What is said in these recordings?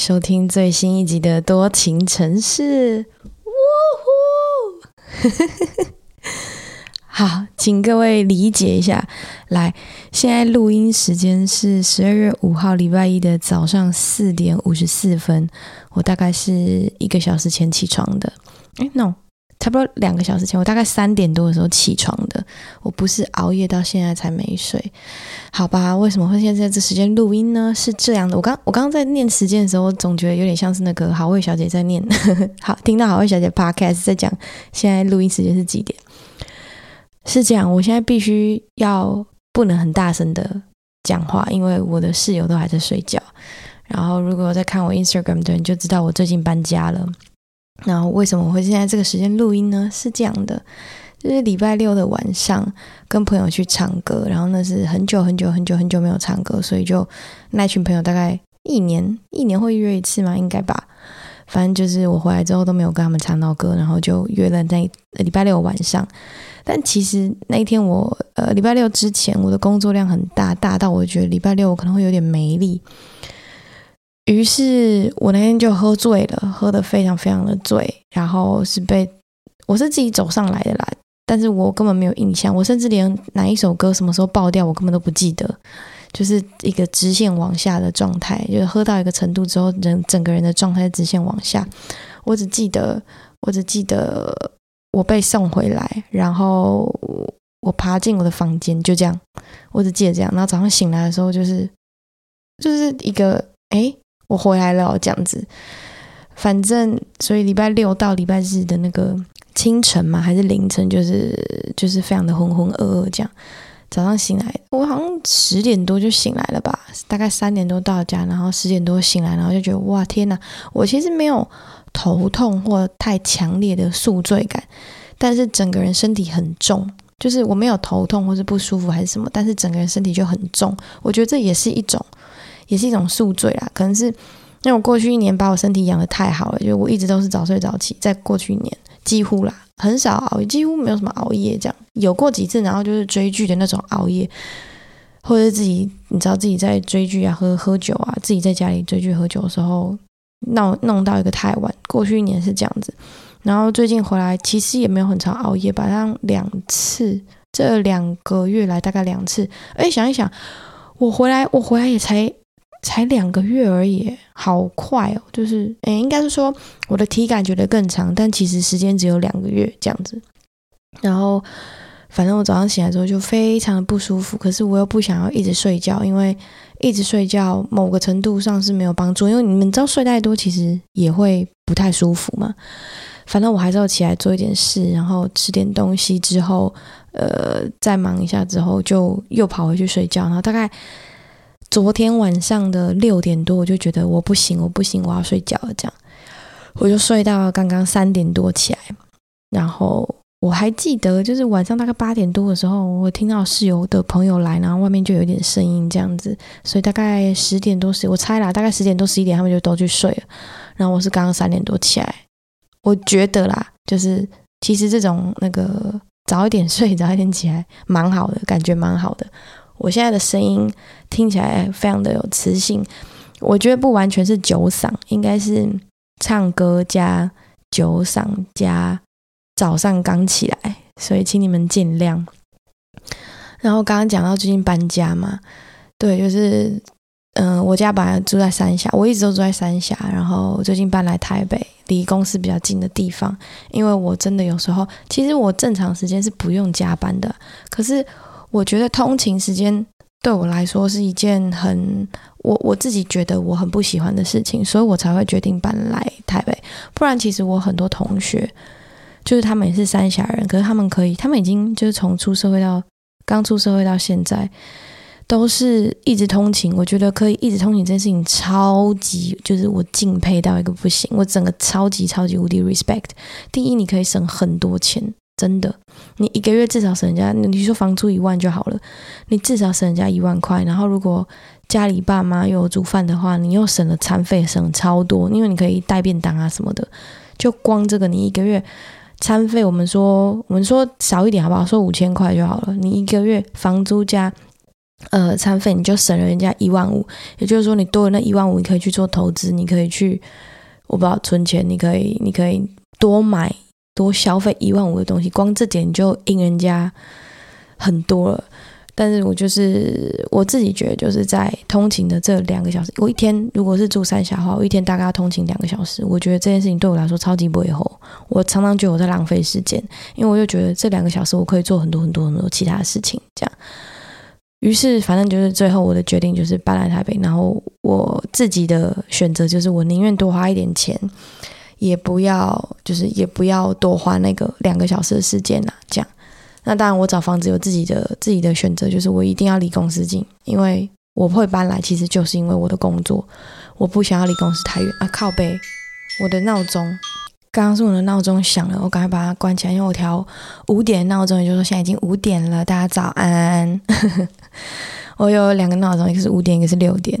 收聽最新一集的《多情城市》嗚呼， 好，請各位理解一下。來，現在錄音時間是十二月五號禮拜一的早上四點五十四分，我大概是一個小時前起床的。誒 no 差不多兩個小時前，我大概三點多的時候起床的。我不是熬夜到現在才沒睡，好吧？為什麼會現在這時間錄音呢？是這樣的，我剛我剛剛在念時間的時候，我總覺得有點像是那個好味小姐在念。 好，聽到好味小姐 podcast 在講現在錄音時間是幾點？是這樣，我現在必須要不能很大聲的講話，因為我的室友都還在睡覺。然後，如果我在看我 Instagram 的人就知道我最近搬家了。然後為什麼我會現在這個時間錄音呢？是這樣的，就是禮拜六的晚上跟朋友去唱歌，然後那是很久很久很久很久沒有唱歌，所以就那群朋友大概一年一年會約一,一次嘛，應該吧。反正就是我回來之後都沒有跟他們唱到歌，然後就約了那禮拜六晚上。但其實那一天我呃禮拜六之前我的工作量很大，大到我覺得禮拜六我可能會有點沒力。於是我那天就喝醉了，喝得非常非常的醉，然後是被我是自己走上來的啦，但是我根本沒有印象，我甚至連哪一首歌什麼時候爆掉，我根本都不記得，就是一個直線往下的狀態，就是喝到一個程度之後，人整個人的狀態直線往下。我只記得，我只記得我被送回來，然後我爬進我的房間，就這樣，我只記得這樣。然後早上醒來的時候，就是就是一個哎。誒我回來了，這樣子，反正所以禮拜六到禮拜日的那個清晨嘛，還是凌晨，就是就是非常的渾渾噩噩這樣。早上醒來，我好像十點多就醒來了吧，大概三點多到家，然後十點多醒來，然後就覺得哇天哪，我其實沒有頭痛或太強烈的宿醉感，但是整個人身體很重，就是我沒有頭痛或是不舒服還是什麼，但是整個人身體就很重，我覺得這也是一種。也是一種宿醉啦，可能是因為我過去一年把我身體養得太好了，就我一直都是早睡早起，在過去一年幾乎啦很少熬，幾乎沒有什麼熬夜這樣，有過幾次，然後就是追劇的那種熬夜，或者是自己你知道自己在追劇啊，喝喝酒啊，自己在家裡追劇喝酒的時候鬧弄到一個太晚。過去一年是這樣子，然後最近回來其實也沒有很常熬夜吧，把它兩次，這兩個月來大概兩次，哎，想一想，我回來我回來也才。才兩個月而已，好快哦！就是，誒，應該是說我的體感覺得更長，但其實時間只有兩個月這樣子。然後，反正我早上起來之後就非常的不舒服，可是我又不想要一直睡覺，因為一直睡覺某個程度上是沒有幫助，因為你們知道睡太多其實也會不太舒服嘛。反正我還是要起來做一點事，然後吃點東西之後，呃，再忙一下之後就又跑回去睡覺，然後大概。昨天晚上的六點多，我就覺得我不行，我不行，我要睡覺了。這樣，我就睡到剛剛三點多起來。然後我還記得，就是晚上大概八點多的時候，我聽到室友的朋友來，然後外面就有點聲音這樣子。所以大概十點多十，我猜啦，大概十點多十一點，他們就都去睡了。然後我是剛剛三點多起來，我覺得啦，就是其實這種那個早一點睡，早一點起來，蠻好的，感覺蠻好的。我現在的聲音聽起來非常的有磁性，我覺得不完全是酒嗓，應該是唱歌加酒嗓加早上剛起來，所以請你們見諒。然後剛剛講到最近搬家嘛，對，就是嗯、呃，我家本來住在三峽，我一直都住在三峽，然後最近搬來台北，離公司比較近的地方，因為我真的有時候，其實我正常時間是不用加班的，可是。我覺得通勤時間對我來說是一件很我我自己覺得我很不喜歡的事情，所以我才會決定搬來台北。不然其實我很多同學就是他們也是三峽人，可是他們可以，他們已經就是從出社會到剛出社會到現在都是一直通勤。我覺得可以一直通勤這件事情超級就是我敬佩到一個不行，我整個超級超級無敵 respect。第一，你可以省很多錢。真的，你一個月至少省人家，你說房租一萬就好了，你至少省人家一萬塊。然後如果家裡爸媽又有煮飯的話，你又省了餐費，省超多。因為你可以帶便當啊什麼的，就光這個你一個月餐費，我們說我們說少一點好不好？說五千塊就好了。你一個月房租加呃餐費，你就省了人家一萬五。也就是說，你多了那一萬五，你可以去做投資，你可以去我不知道存錢，你可以你可以多買。多消費一萬五的東西，光這點就贏人家很多了。但是我就是我自己覺得，就是在通勤的這兩個小時，我一天如果是住三峽的話，我一天大概要通勤兩個小時。我覺得這件事情對我來說超級不友好，我常常覺得我在浪費時間，因為我就覺得這兩個小時我可以做很多很多很多其他的事情。這樣，於是反正就是最後我的決定就是搬來台北，然後我自己的選擇就是我寧願多花一點錢。也不要，就是也不要多花那個兩個小時的時間吶、啊。這樣，那當然我找房子有自己的自己的選擇，就是我一定要離公司近，因為我會搬來，其實就是因為我的工作，我不想要離公司太遠啊。靠背，我的鬧鐘，剛剛是我的鬧鐘響了，我趕快把它關起來，因為我調五點鬧鐘，也就是說現在已經五點了，大家早安。 我有兩個鬧鐘，一個是五點，一個是六點。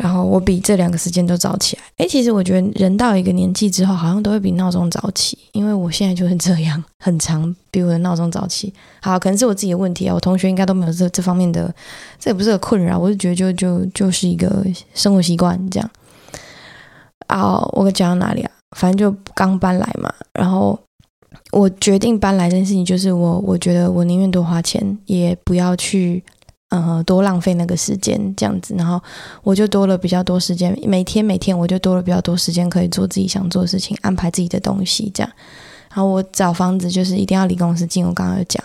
然後我比這兩個時間都早起來。誒，其實我覺得人到一個年紀之後，好像都會比鬧鐘早起，因為我現在就是這樣，很常比我的鬧鐘早起。好，可能是我自己的問題啊，我同學應該都沒有這這方面的，這也不是個困擾，我就覺得就就就是一個生活習慣這樣。哦，我講到哪裡啊？反正就剛搬來嘛，然後我決定搬來這件事情，就是我我覺得我寧願多花錢，也不要去。呃、嗯，多浪費那個時間這樣子，然後我就多了比較多時間，每天每天我就多了比較多時間可以做自己想做的事情，安排自己的東西這樣。然後我找房子就是一定要離公司近，我剛剛有講。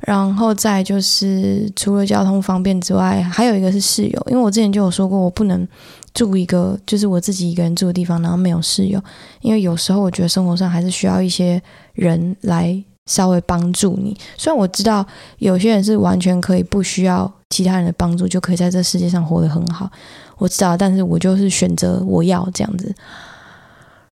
然後再就是除了交通方便之外，還有一個是室友，因為我之前就有說過，我不能住一個就是我自己一個人住的地方，然後沒有室友，因為有時候我覺得生活上還是需要一些人來，稍微幫助你，雖然我知道有些人是完全可以不需要其他人的幫助，就可以在這世界上活得很好。我知道，但是我就是選擇我要這樣子。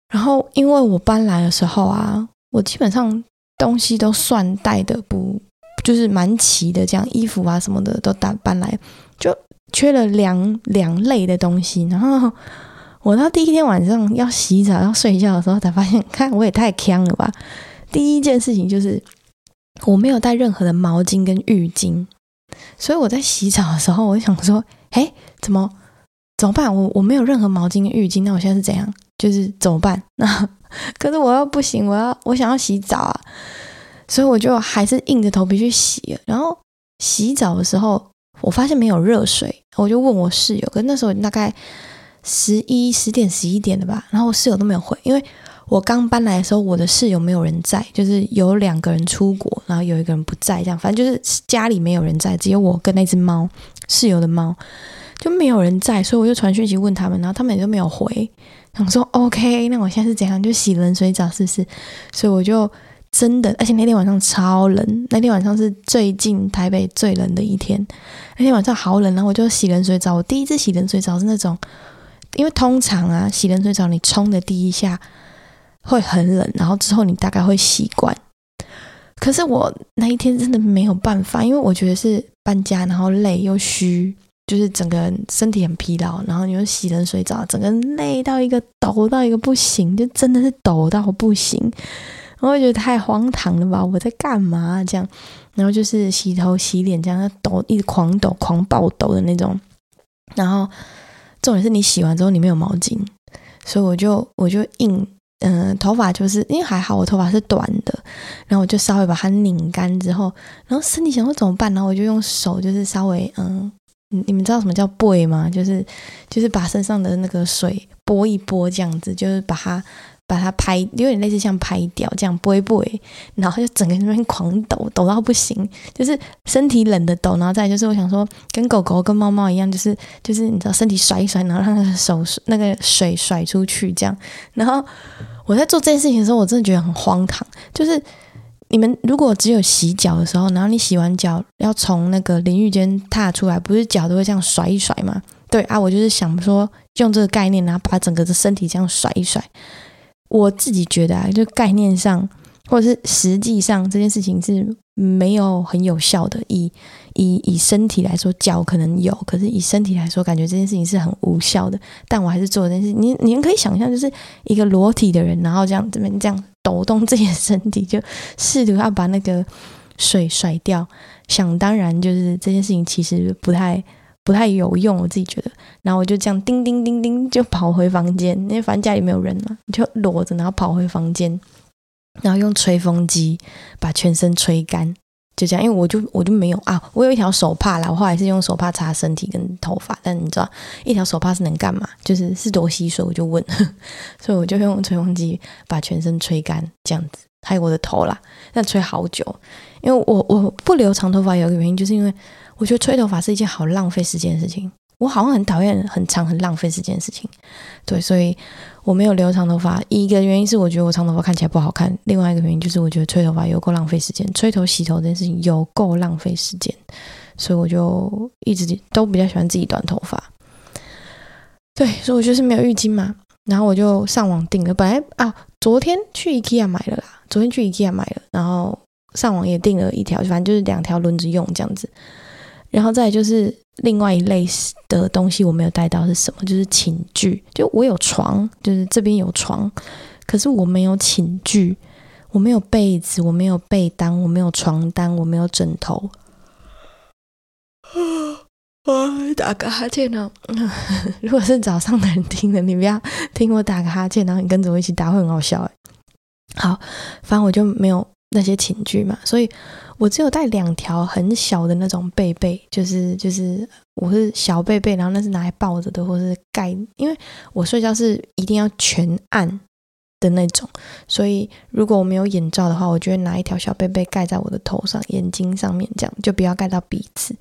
然後，因為我搬來的時候啊，我基本上東西都算帶的不，就是蠻齊的，這樣衣服啊什麼的都打搬來，就缺了兩兩類的東西。然後，我到第一天晚上要洗澡要睡覺的時候，才發現，看我也太坑了吧。第一件事情就是我沒有帶任何的毛巾跟浴巾，所以我在洗澡的時候，我就想說，哎，怎麼怎麼辦？我我沒有任何毛巾、浴巾，那我現在是怎樣？就是怎麼辦？那可是我要不行，我要我想要洗澡啊，所以我就還是硬着頭皮去洗。然後洗澡的時候，我發現沒有熱水，我就問我室友，可那時候大概十一十點十一點了吧，然後我室友都沒有回，因為。我剛搬來的時候，我的室友沒有人在，就是有兩個人出國，然後有一個人不在，這樣反正就是家裡沒有人在，只有我跟那隻貓，室友的貓就沒有人在，所以我就傳訊息問他們，然後他們也就沒有回，然後說 OK，那我現在是怎樣？就洗冷水澡試試，所以我就真的，而且那天晚上超冷，那天晚上是最近台北最冷的一天，那天晚上好冷，然後我就洗冷水澡，我第一次洗冷水澡是那種，因為通常啊，洗冷水澡你沖的第一下。會很冷，然後之後你大概會習慣。可是我那一天真的沒有辦法，因為我覺得是搬家，然後累又虛，就是整個身體很疲勞，然後你又洗冷水澡，整個累到一個抖到一個不行，就真的是抖到不行。然後我會覺得太荒唐了吧？我在幹嘛、啊、這樣？然後就是洗頭洗臉，這樣抖，一直狂抖、狂暴抖的那種。然後重點是你洗完之後你沒有毛巾，所以我就我就硬。嗯，頭髮就是因為還好，我頭髮是短的，然後我就稍微把它擰乾之後，然後身體想說怎麼辦，然後我就用手就是稍微嗯，你們知道什麼叫背嗎？就是就是把身上的那個水撥一撥這樣子，就是把它。把它拍，有點類似像拍掉這樣，不會不會，然後就整個那邊狂抖，抖到不行，就是身體冷的抖。然後再就是，我想說，跟狗狗跟貓貓一樣，就是就是你知道，身體甩一甩，然後讓那個手那個水甩出去這樣。然後我在做這件事情的時候，我真的覺得很荒唐。就是你們如果只有洗腳的時候，然後你洗完腳要從那個淋浴間踏出來，不是腳都會這樣甩一甩嗎？對啊，我就是想說用這個概念，然後把整個的身體這樣甩一甩。我自己覺得啊，就概念上，或者是實際上，這件事情是沒有很有效的。以以以身體來說，腳可能有，可是以身體來說，感覺這件事情是很無效的。但我還是做這件事情，你你們可以想象，就是一個裸體的人，然後這樣這邊這樣抖動自己的身體，就試圖要把那個水甩掉。想當然，就是這件事情其實不太。不太有用，我自己覺得。然後我就這樣叮叮叮叮就跑回房間，因為反正家裡沒有人嘛，就裸着，然後跑回房間，然後用吹風機把全身吹乾，就這樣。因為我就我就沒有啊，我有一條手帕啦，我後來是用手帕擦身體跟頭髮，但你知道一條手帕是能幹嘛？就是是多吸水，我就問，呵呵，所以我就用吹風機把全身吹乾，這樣子還有我的頭啦，那吹好久。因為我我不留長頭髮，有一個原因，就是因為我覺得吹頭髮是一件好浪費時間的事情。我好像很討厭很長很浪費時間的事情，對，所以我沒有留長頭髮。一個原因是我覺得我長頭髮看起來不好看，另外一個原因就是我覺得吹頭髮有夠浪費時間，吹頭、洗頭，這件事情有夠浪費時間，所以我就一直都比較喜歡自己短頭髮。對，所以我就是沒有浴巾嘛，然後我就上網訂了。本來啊，昨天去 IKEA 買了啦，昨天去 IKEA 買了，然後。上網也訂了一條，反正就是兩條輪子用這樣子，然後再就是另外一類的東西，我沒有帶到是什麼？就是寢具，就我有床，就是這邊有床，可是我沒有寢具，我沒有被子，我沒有被單，我沒有床單，我沒有枕頭。啊，我打個哈欠呢。 如果是早上的人聽的，你不要聽我打個哈欠，然後你跟着我一起打會很好笑。好，反正我就沒有。那些寢具嘛，所以我只有帶兩條很小的那種被被，就是就是我是小被被，然後那是拿來抱着的，或是蓋，因為我睡覺是一定要全暗的那種，所以如果我沒有眼罩的話，我就會拿一條小被被蓋在我的頭上，眼睛上面這樣，就不要蓋到鼻子，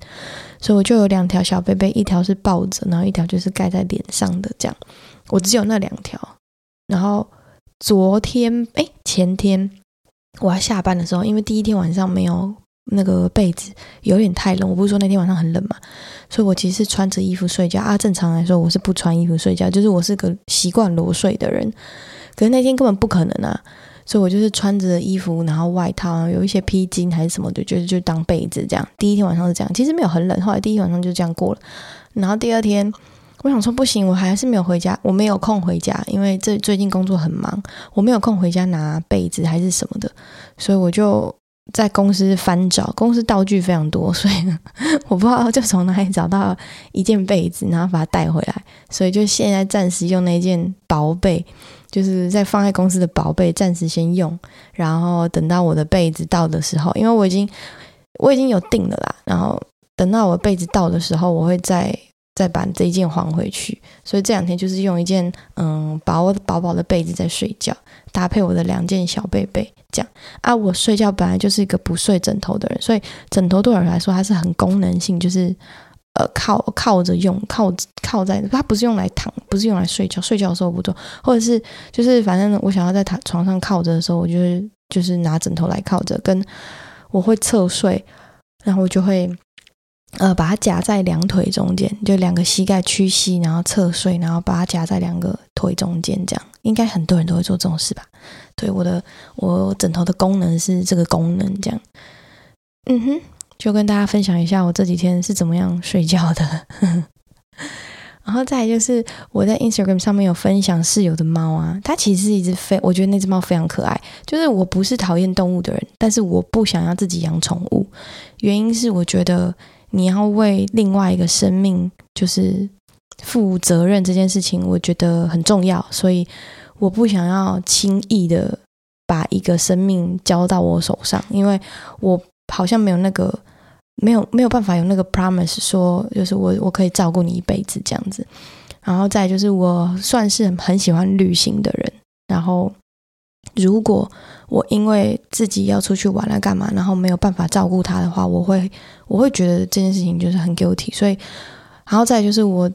所以我就有兩條小被被，一條是抱着，然後一條就是蓋在臉上的這樣，我只有那兩條，然後昨天誒、欸，前天。我要下班的時候，因為第一天晚上沒有那個被子，有點太冷。我不是說那天晚上很冷嘛，所以我其實是穿着衣服睡覺啊。正常來說，我是不穿衣服睡覺，就是我是個習慣裸睡的人。可是那天根本不可能啊，所以我就是穿着衣服，然後外套，然後有一些披巾還是什麼的，就是就當被子這樣。第一天晚上是這樣，其實沒有很冷。後來第一天晚上就這樣過了，然後第二天。我想說不行，我還是沒有回家，我沒有空回家，因為這最近工作很忙，我沒有空回家拿被子還是什麼的，所以我就在公司翻找，公司道具非常多，所以呢，我不知道就從哪裡找到一件被子，然後把它帶回來，所以就現在暫時用那件薄被，就是在放在公司的薄被，暫時先用，然後等到我的被子到的時候，因為我已經我已經有訂了啦，然後等到我被子到的時候，我會再。再把這一件還回去，所以這兩天就是用一件嗯薄薄薄的被子在睡覺，搭配我的兩件小被被這樣啊。我睡覺本來就是一個不睡枕頭的人，所以枕頭對我來說它是很功能性，就是呃靠靠着用靠靠在它不是用來躺，不是用來睡覺，睡覺的時候不做，或者是就是反正我想要在躺床上靠着的時候，我就是就是拿枕頭來靠着。跟我會側睡，然後我就會。呃，把它夾在兩腿中間，就兩個膝蓋屈膝，然後側睡，然後把它夾在兩個腿中間，這樣應該很多人都會做這種事吧？對，我的我枕頭的功能是這個功能，這樣，嗯哼，就跟大家分享一下我這幾天是怎麼樣睡覺的。 然後再來就是我在 Instagram 上面有分享室友的貓啊，它其實是一隻非，我覺得那隻貓非常可愛。就是我不是討厭動物的人，但是我不想要自己養寵物，原因是我覺得。你要為另外一個生命就是負責任這件事情，我覺得很重要，所以我不想要輕易的把一個生命交到我手上，因為我好像沒有那個沒有沒有辦法有那個 promise 說，就是我我可以照顧你一輩子這樣子。然後再就是我算是很喜歡旅行的人，然後。如果我因為自己要出去玩了幹嘛，然後沒有辦法照顧它的話，我會我會覺得這件事情就是很 guilty。所以，然後再就是我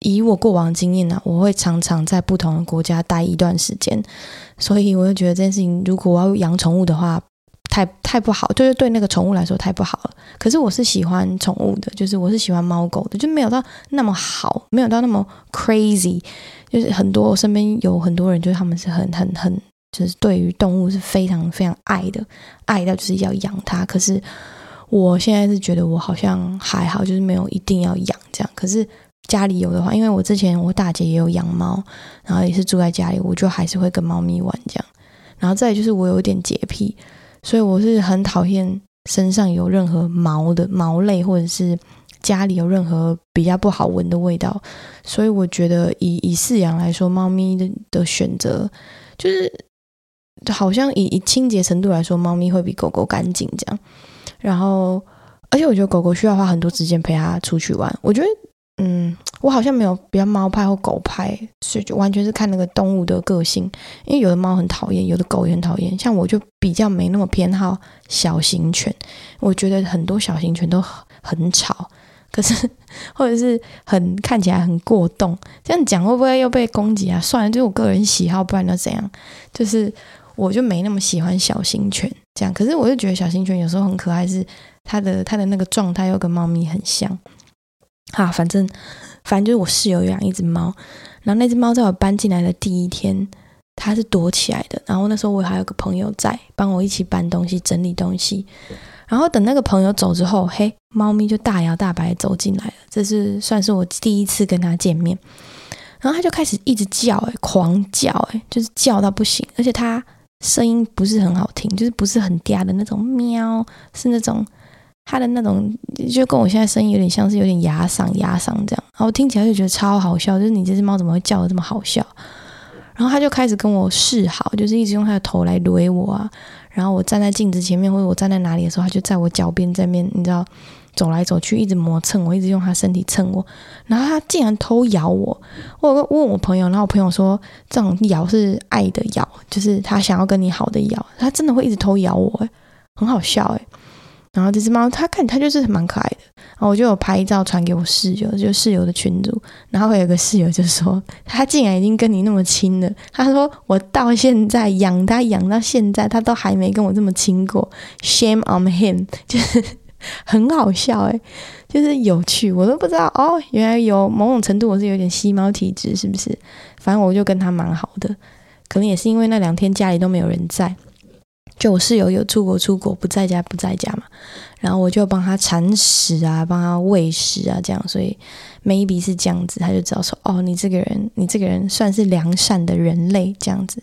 以我過往經驗呢、啊，我會常常在不同的國家待一段時間，所以我就覺得這件事情，如果我要養寵物的話，太太不好，就是對那個寵物來說太不好了。可是我是喜歡寵物的，就是我是喜歡貓狗的，就沒有到那麼好，沒有到那麼 crazy，就是很多我身邊有很多人，就是他們是很很很。很就是對於動物是非常非常愛的，愛到就是要養它。可是我現在是覺得我好像還好，就是沒有一定要養這樣。可是家裡有的話，因為我之前我大姐也有養貓，然後也是住在家裡，我就還是會跟貓咪玩這樣。然後再就是我有點潔癖，所以我是很討厭身上有任何毛的毛類，或者是家裡有任何比較不好聞的味道。所以我覺得以以飼養來說，貓咪的的選擇就是。好像以以清潔程度來說，貓咪會比狗狗乾淨這樣。然後，而且我覺得狗狗需要花很多時間陪它出去玩。我覺得，嗯，我好像沒有比較貓派或狗派，是就完全是看那個動物的個性。因為有的貓很討厭，有的狗也很討厭。像我就比較沒那麼偏好小型犬。我覺得很多小型犬都很很吵，可是或者是很看起來很過動。這樣講會不會又被攻擊啊？算了，就是我個人喜好，不然要怎樣？就是。我就沒那麼喜歡小型犬，這樣。可是我又覺得小型犬有時候很可愛是他，是它的它的那個狀態又跟貓咪很像。哈、啊，反正反正就是我室友養一隻貓，然後那隻貓在我搬進來的第一天，它是躲起來的。然後那時候我還有個朋友在幫我一起搬東西、整理東西。然後等那個朋友走之後，嘿，貓咪就大搖大擺走進來了。這是算是我第一次跟它見面。然後它就開始一直叫、欸，哎，狂叫、欸，哎，就是叫到不行，而且它。聲音不是很好聽，就是不是很嗲的那種喵，是那種它的那種，就跟我現在聲音有點像，是有點啞嗓啞嗓這樣，然後我聽起來就覺得超好笑，就是你這只貓怎麼會叫得這麼好笑？然後它就開始跟我示好，就是一直用它的頭來懟我啊。然後我站在鏡子前面或者我站在哪裡的時候，它就在我腳邊這邊，你知道。走來走去，一直磨蹭我，一直用他身體蹭我，然後他竟然偷咬我。我有問我朋友，然後我朋友說這種咬是愛的咬，就是他想要跟你好的咬。他真的會一直偷咬我，欸，哎，很好笑哎，欸。然後這隻貓，它看它就是蠻可愛的。然後我就有拍照傳給我室友，就是，室友的群組。然後會有個室友就說，他竟然已經跟你那麼親了。他說我到現在養他養到現在，他都還沒跟我這麼親過。Shame on him！就是。很好笑哎、欸，就是有趣，我都不知道哦，原來有某種程度我是有點吸貓體質，是不是？反正我就跟他蠻好的，可能也是因為那兩天家裡都沒有人在，就我室友有出國出國不在家不在家嘛，然後我就幫他鏟屎啊，幫他餵食啊，這樣，所以 maybe 是這樣子，他就知道說，哦，你這個人，你這個人算是良善的人類這樣子。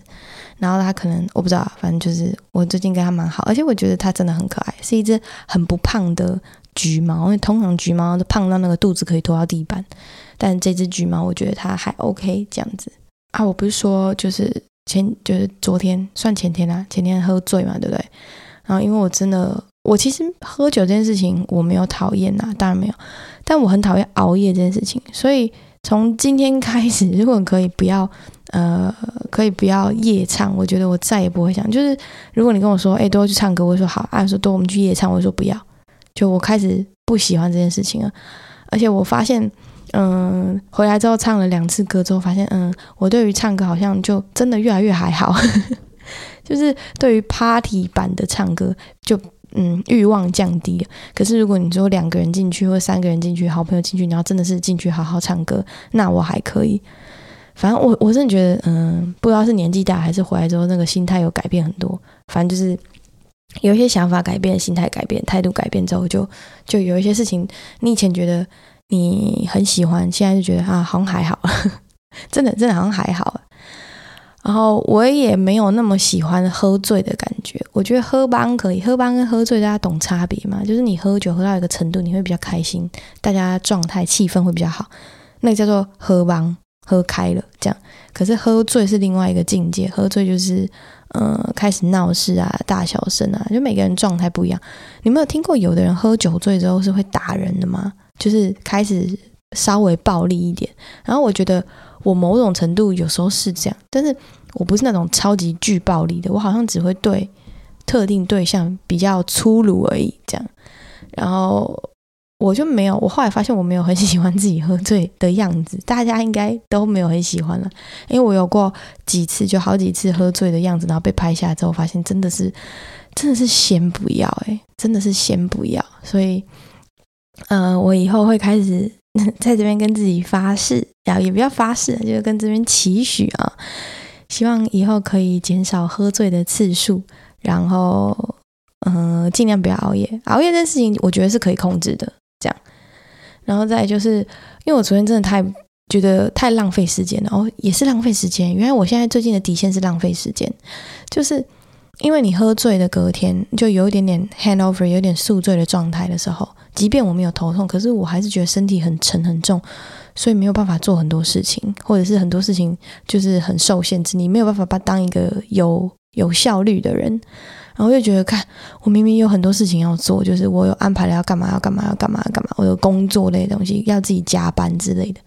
然後他可能我不知道，反正就是我最近跟他蠻好，而且我覺得他真的很可愛，是一隻很不胖的橘貓。因為通常橘貓都胖到那個肚子可以拖到地板，但這隻橘貓我覺得它還 OK 這樣子啊。我不是說就是前就是昨天算前天啦、啊，前天喝醉嘛，對不對？然後因為我真的我其實喝酒這件事情我沒有討厭吶、啊，當然沒有，但我很討厭熬夜這件事情，所以。從今天開始，如果可以不要，呃，可以不要夜唱，我覺得我再也不會想。就是如果你跟我說，哎、欸，多去唱歌，我就說好，啊，說多我們去夜唱，我就說不要。就我開始不喜歡這件事情了。而且我發現，嗯、呃，回來之後唱了兩次歌之後，發現，嗯、呃，我對於唱歌好像就真的越來越還好。 就是對於 party 版的唱歌，就。嗯，欲望降低了。可是如果你說兩個人進去，或三個人進去，好朋友進去，然後真的是進去好好唱歌，那我還可以。反正我我真的覺得，嗯，不知道是年紀大，還是回來之後那個心態有改變很多。反正就是有一些想法改變，心態改變，態度改變之後就，就就有一些事情，你以前覺得你很喜歡，現在就覺得啊，好像還好， 真的真的好像還好。然後我也沒有那麼喜歡喝醉的感覺，我覺得喝茫可以，喝茫跟喝醉大家懂差別嘛？就是你喝酒喝到一個程度，你會比較開心，大家狀態氣氛會比較好，那個叫做喝茫，喝開了這樣。可是喝醉是另外一個境界，喝醉就是，呃，開始鬧事啊，大小聲啊，就每個人狀態不一樣。你沒有聽過有的人喝酒醉之後是會打人的嗎？就是開始稍微暴力一點。然後我覺得。我某種程度有時候是這樣，但是我不是那種超級巨暴力的，我好像只會對特定對象比較粗魯而已，這樣。然後我就沒有，我後來發現我沒有很喜歡自己喝醉的樣子，大家應該都沒有很喜歡了，因為我有過幾次就好幾次喝醉的樣子，然後被拍下來之後，發現真的是真的是先不要誒，真的是先不要，所以，嗯、呃，我以後會開始。 在這邊跟自己發誓，然後也不要發誓，就是跟這邊期許啊，希望以後可以減少喝醉的次數，然後嗯，盡量不要熬夜。熬夜這件事情，我覺得是可以控制的，這樣。然後再就是，因為我昨天真的太覺得太浪費時間了，哦，也是浪費時間。原來我現在最近的底線是浪費時間，就是。因為你喝醉的隔天，就有一點點 hangover，有點宿醉的狀態的時候，即便我沒有頭痛，可是我還是覺得身體很沉很重，所以沒有辦法做很多事情，或者是很多事情就是很受限制，你沒有辦法把當一個有有效率的人，然後又覺得，看，我明明有很多事情要做，就是我有安排了要幹嘛，要幹嘛，要幹嘛，要幹嘛，我有工作類的東西要自己加班之類的。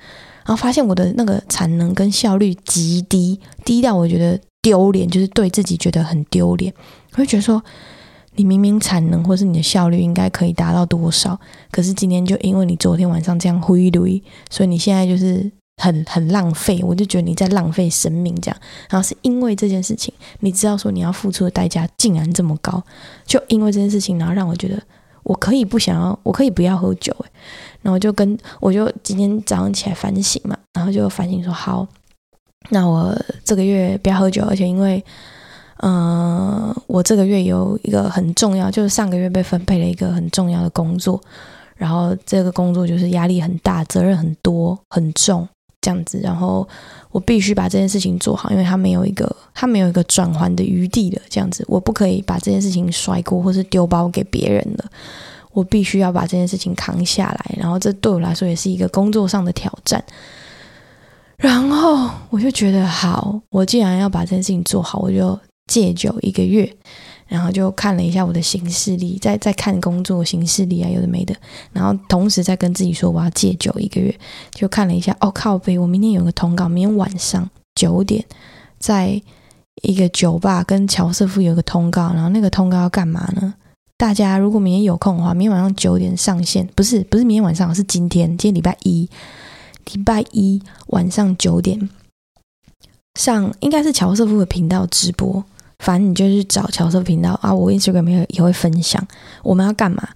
然後發現我的那個產能跟效率極低，低到我覺得丟臉，就是對自己覺得很丟臉。我會覺得說，你明明產能或是你的效率應該可以達到多少，可是今天就因為你昨天晚上這樣胡一，所以你現在就是很很浪費。我就覺得你在浪費生命這樣。然後是因為這件事情，你知道說你要付出的代價竟然這麼高，就因為這件事情，然後讓我覺得我可以不想要，我可以不要喝酒、欸然後我就跟我就今天早上起來反省嘛，然後就反省說好，那我這個月不要喝酒，而且因為，呃，我這個月有一個很重要，就是上個月被分配了一個很重要的工作，然後這個工作就是壓力很大，責任很多，很重這樣子，然後我必須把這件事情做好，因為他沒有一個，他沒有一個轉圜的餘地了，這樣子，我不可以把這件事情甩鍋或是丟包給別人了。我必須要把這件事情扛下來，然後這對我來說也是一個工作上的挑戰。然後我就覺得好，我既然要把這件事情做好，我就戒酒一個月。然後就看了一下我的行事曆，再再看工作行事曆啊，有的沒的。然後同時再跟自己說，我要戒酒一個月。就看了一下，哦靠北，我明天有個通告，明天晚上九點在一個酒吧跟喬瑟夫有個通告。然後那個通告要幹嘛呢？大家如果明天有空的話，明天晚上九點上線，不是不是明天晚上，是今天，今天禮拜一，禮拜一晚上九點，上應該是喬瑟夫的頻道直播，反正你就去找喬瑟夫頻道啊，我 Instagram 也，也會分享。我們要幹嘛？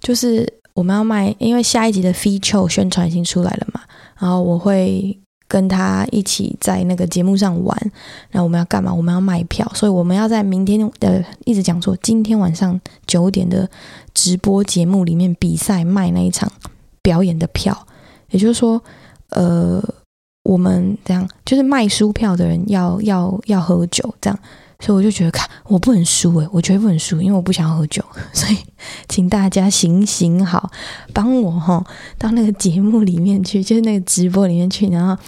就是我們要賣，因為下一集的 feature 宣傳已經出來了嘛，然後我會。跟他一起在那個節目上玩，那我們要幹嘛？我們要賣票，所以我們要在明天的，呃，一直講說今天晚上九點的直播節目裡面比賽賣那一場表演的票，也就是說，呃，我們這樣就是賣書票的人要要要喝酒這樣。所以我就覺得，看，我不能輸誒，我絕對不能輸，因為我不想喝酒。所以，請大家行行好，幫我哈到那個節目裡面去，就是那個直播裡面去，然後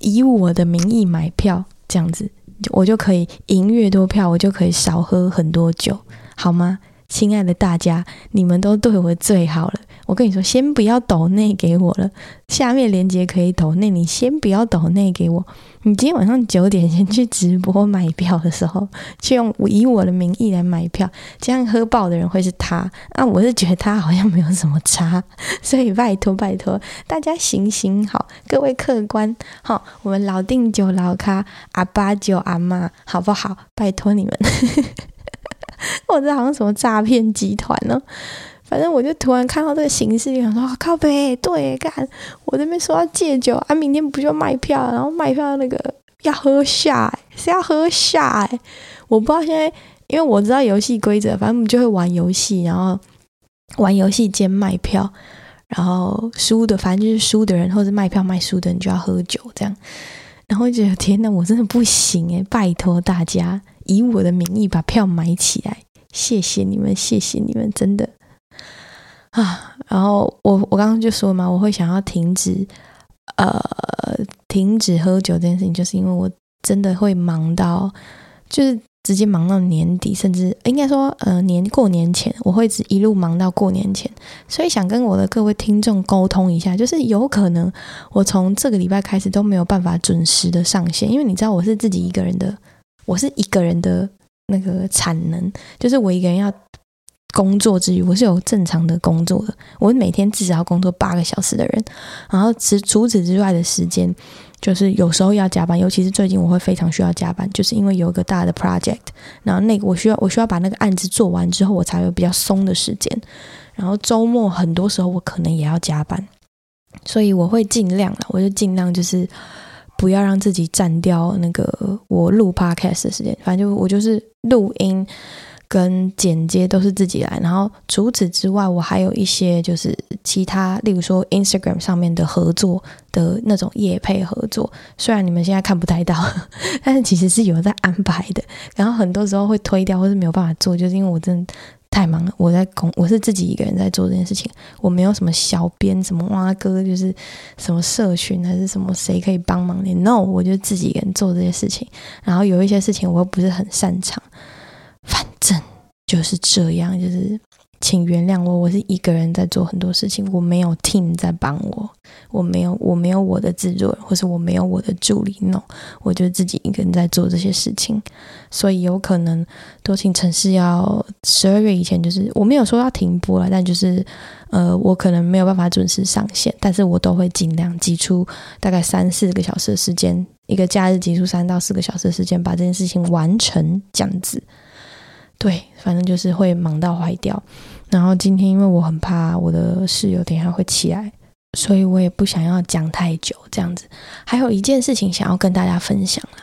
以我的名義買票，這樣子，我就可以贏越多票，我就可以少喝很多酒，好嗎？親愛的大家，你們都對我最好了。我跟你說，先不要抖內給我了。下面鏈接可以抖內，你先不要抖內給我。你今天晚上九點前去直播買票的時候，去用以我的名義來買票，這樣喝爆的人會是他。啊？我是覺得他好像沒有什麼差，所以拜托拜托，大家行行好，各位客官好、哦，我們老定就老咖阿爸就阿媽好不好？拜托你們， 我這好像什麼詐騙集團哦。反正我就突然看到這個形式裡面說，就想說靠北對幹。我這邊說要戒酒啊，明天不就賣票，然後賣票那個要喝下、欸，是要喝下、欸、我不知道現在，因為我知道遊戲規則，反正我就會玩遊戲，然後玩遊戲兼賣票，然後輸的，反正就是輸的人，或者賣票賣輸的人就要喝酒這樣。然後覺得天哪，我真的不行誒、欸，拜托大家以我的名義把票買起來，謝謝你們，謝謝你們，真的。啊，然後我我剛剛就說嘛，我會想要停止呃停止喝酒這件事情，就是因為我真的會忙到，就是直接忙到年底，甚至應該說呃年過年前，我會只一路忙到過年前，所以想跟我的各位聽眾溝通一下，就是有可能我從這個禮拜開始都沒有辦法準時的上線，因為你知道我是自己一個人的，我是一個人的那個產能，就是我一個人要。工作之餘，我是有正常的工作的。我每天至少要工作八個小時的人，然後除，除此之外的時間，就是有時候要加班，尤其是最近我會非常需要加班，就是因為有一個大的 project，然後那個我需要我需要把那個案子做完之後，我才有比較鬆的時間。然後週末很多時候我可能也要加班，所以我會盡量我就盡量就是不要讓自己占掉那個我錄 podcast 的時間。反正就我就是錄音。跟剪接都是自己來，然後除此之外，我還有一些就是其他，例如說 Instagram 上面的合作的那種業配合作，雖然你們現在看不太到，但是其實是有在安排的。然後很多時候會推掉或是沒有辦法做，就是因為我真的太忙了。我在工，我是自己一個人在做這件事情，我沒有什麼小編、什麼挖哥，就是什麼社群還是什麼誰可以幫忙你 No，我就自己一個人做這些事情。然後有一些事情我又不是很擅長。正就是這樣，就是請原諒我，我是一個人在做很多事情，我沒有 team 在幫我，我沒有，我沒有我的製作人，或是我沒有我的助理弄，我就是自己一個人在做這些事情，所以有可能多情城市要十二月以前，就是我沒有說要停播了，但就是呃，我可能沒有辦法準時上線，但是我都會盡量擠出大概三四個小時的時間，一個假日擠出三到四個小時的時間，把這件事情完成，這樣子。對，反正就是會忙到壞掉。然後今天因為我很怕我的室友等一下會起來，所以我也不想要講太久。這樣子，還有一件事情想要跟大家分享啊，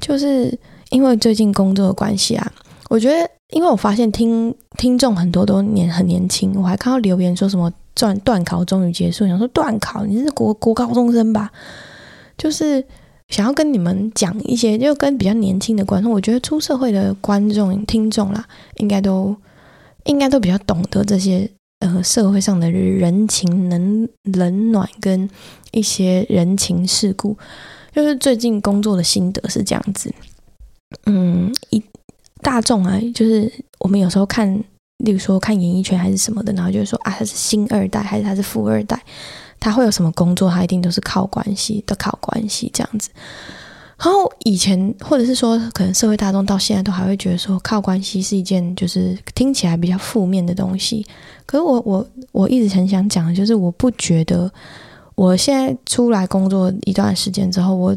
就是因為最近工作的關係啊，我覺得因為我發現聽聽眾很多都年很年輕，我還看到留言說什麼“斷段考終於結束”，想說段考你是國國高中生吧？就是。想要跟你們講一些，就跟比較年輕的觀眾，我覺得出社會的觀眾、聽眾啦，應該都應該都比較懂得這些呃社會上的人情冷冷暖跟一些人情世故。就是最近工作的心得是這樣子，嗯，一大眾啊，就是我們有時候看，例如說看演藝圈還是什麼的，然後就是說啊，他是星二代還是他是富二代。他會有什麼工作？他一定都是靠關係的，都靠關係這樣子。然後以前，或者是說，可能社會大眾到現在都還會覺得說，靠關係是一件就是聽起來比較負面的東西。可是我我我一直很想講的就是，我不覺得我現在出來工作一段時間之後，我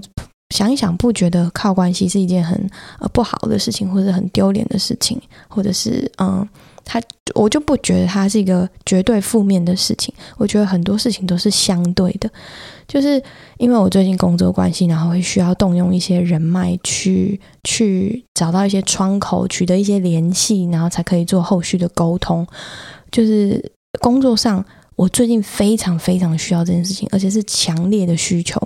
想一想，不覺得靠關係是一件很，呃、不好的事情，或者很丟臉的事情，或者是嗯。他，我就不覺得他是一個絕對負面的事情。我覺得很多事情都是相對的，就是因為我最近工作關係，然後會需要動用一些人脈去去找到一些窗口，取得一些聯繫，然後才可以做後續的溝通。就是工作上，我最近非常非常需要這件事情，而且是強烈的需求。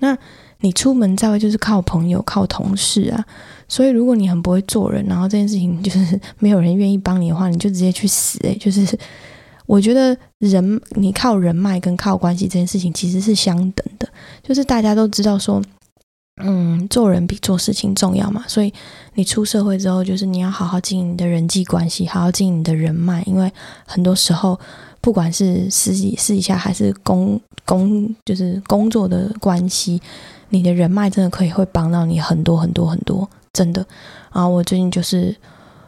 那你出門在外就是靠朋友、靠同事啊，所以如果你很不會做人，然後這件事情就是沒有人願意幫你的話，你就直接去死誒、欸，就是我覺得人你靠人脈跟靠關係這件事情其實是相等的，就是大家都知道說，嗯，做人比做事情重要嘛，所以你出社會之後，就是你要好好經營你的人際關係，好好經營你的人脈，因為很多時候不管是私底私底下還是工工就是工作的關係。你的人脈真的可以會幫到你很多很多很多，真的。然後我最近就是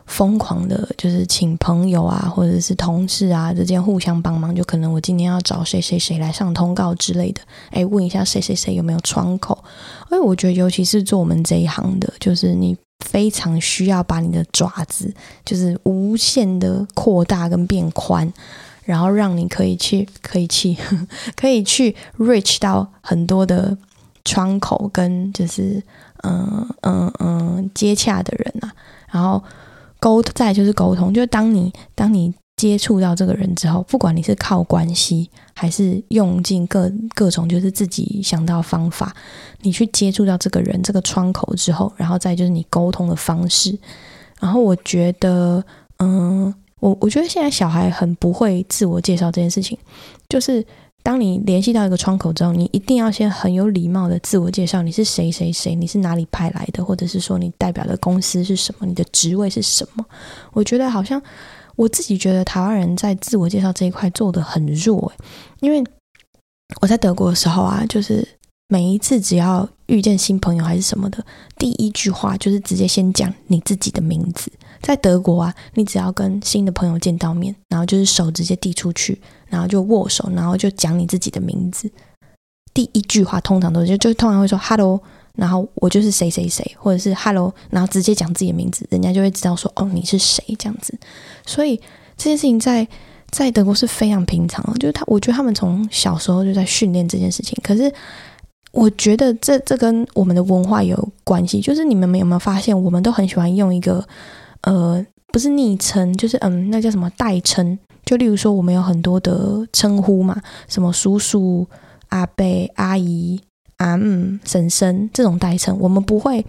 瘋狂的，就是請朋友啊，或者是同事啊之間互相幫忙，就可能我今天要找誰誰誰來上通告之類的，誒，問一下誰誰誰有沒有窗口。因為我覺得，尤其是做我們這一行的，就是你非常需要把你的爪子就是無限的擴大跟變寬，然後讓你可以去可以去 可以去 reach 到很多的。窗口跟就是嗯嗯嗯接洽的人啊，然後溝再就是溝通，就是當你當你接觸到這個人之後，不管你是靠關係還是用盡各各種就是自己想到的方法，你去接觸到這個人這個窗口之後，然後再就是你溝通的方式，然後我覺得嗯，我我覺得現在小孩很不會自我介紹這件事情，就是。當你聯繫到一個窗口之後，你一定要先很有禮貌的自我介紹，你是誰誰誰，你是哪裡派來的，或者是說你代表的公司是什麼，你的職位是什麼？我覺得好像我自己覺得台灣人在自我介紹這一塊做得很弱，因為我在德國的時候啊，就是每一次只要遇見新朋友還是什麼的，第一句話就是直接先講你自己的名字。在德國啊，你只要跟新的朋友見到面，然後就是手直接遞出去。然後就握手，然後就講你自己的名字。第一句話通常都是就就通常會說 “hello”，然後我就是誰誰誰，或者是 “hello”，然後直接講自己的名字，人家就會知道說“哦，你是誰”這樣子。所以這件事情在在德國是非常平常的，就是他我覺得他們從小時候就在訓練這件事情。可是我覺得這這跟我們的文化有關係，就是你們有沒有發現，我們都很喜歡用一個呃。不是昵稱，就是嗯，那叫什麼代稱？就例如說，我們有很多的稱呼嘛，什麼叔叔、阿伯、阿姨、阿嗯、嬸嬸這種代稱，我們不會，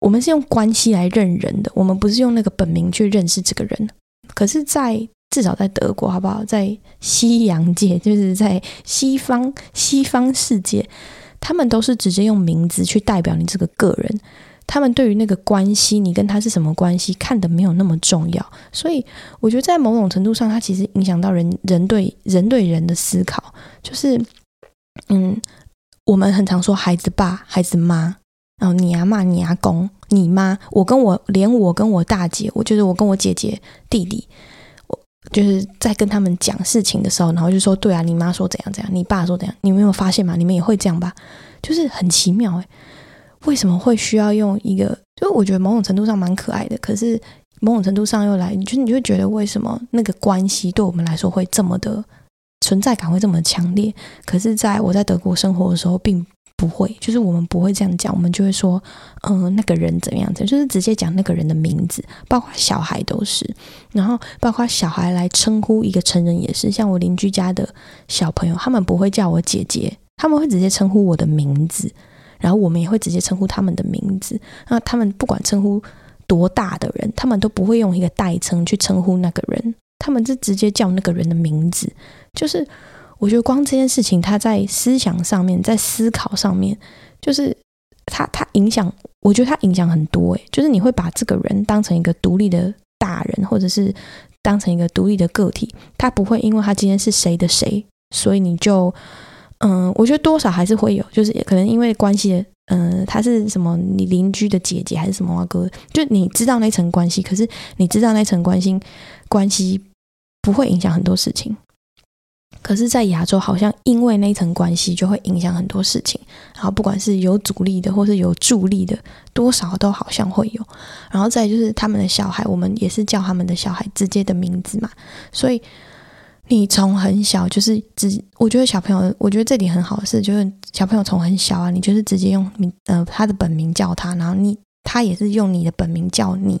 我們是用關係來認人的，我們不是用那個本名去認識這個人。可是在，在至少在德國，好不好？在西洋界，就是在西方西方世界，他們都是直接用名字去代表你這個個人。他們對於那個關係，你跟他是什麼關係，看得沒有那麼重要，所以我覺得在某種程度上，他其實影響到人人對人對人的思考，就是嗯，我們很常說孩子爸、孩子媽，然後你阿嬤、你阿公、你媽，我跟我連我跟我大姐，我就是我跟我姐姐、弟弟，我就是在跟他們講事情的時候，然後就說，對啊，你媽說怎樣怎樣，你爸說怎樣，你們有發現嗎？你們也會這樣吧？就是很奇妙欸。為什麼會需要用一個？就我覺得某種程度上蠻可愛的，可是某種程度上又來，你就你就會覺得為什麼那個關係對我們來說會這麼的存在感會這麼強烈？可是在我在德國生活的時候，並不會，就是我們不會這樣講，我們就會說，嗯、呃，那個人怎麼樣子，就是直接講那個人的名字，包括小孩都是，然後包括小孩來稱呼一個成人也是，像我鄰居家的小朋友，他們不會叫我姐姐，他們會直接稱呼我的名字。然後我們也會直接稱呼他們的名字。那他們不管稱呼多大的人，他們都不會用一個代稱去稱呼那個人，他們是直接叫那個人的名字。就是我覺得光這件事情，他在思想上面，在思考上面，就是他他影響，我覺得他影響很多誒、欸，就是你會把這個人當成一個獨立的大人，或者是當成一個獨立的個體，他不會因為他今天是誰的誰，所以你就。嗯，我覺得多少還是會有，就是可能因為關係，嗯，他是什麼你鄰居的姐姐還是什麼啊哥，就你知道那層關係，可是你知道那層關係，關係不會影響很多事情。可是，在亞洲好像因為那層關係就會影響很多事情，然後不管是有阻力的或是有助力的，多少都好像會有。然後再就是他們的小孩，我們也是叫他們的小孩直接的名字嘛，所以。你從很小就是直，我覺得小朋友，我覺得這點很好的是，就是小朋友從很小啊，你就是直接用名呃他的本名叫他，然後你他也是用你的本名叫你，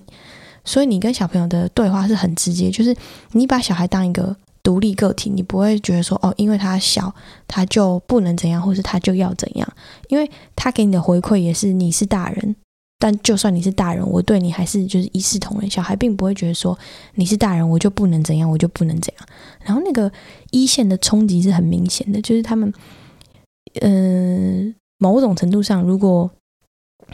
所以你跟小朋友的對話是很直接，就是你把小孩當一個獨立個體，你不會覺得說哦，因為他小他就不能怎樣，或是他就要怎樣，因為他給你的回饋也是你是大人。但就算你是大人，我對你還是就是一視同仁。小孩並不會覺得說你是大人，我就不能怎樣，我就不能怎樣。然後那個一線的衝擊是很明顯的，就是他們，嗯、呃，某種程度上，如果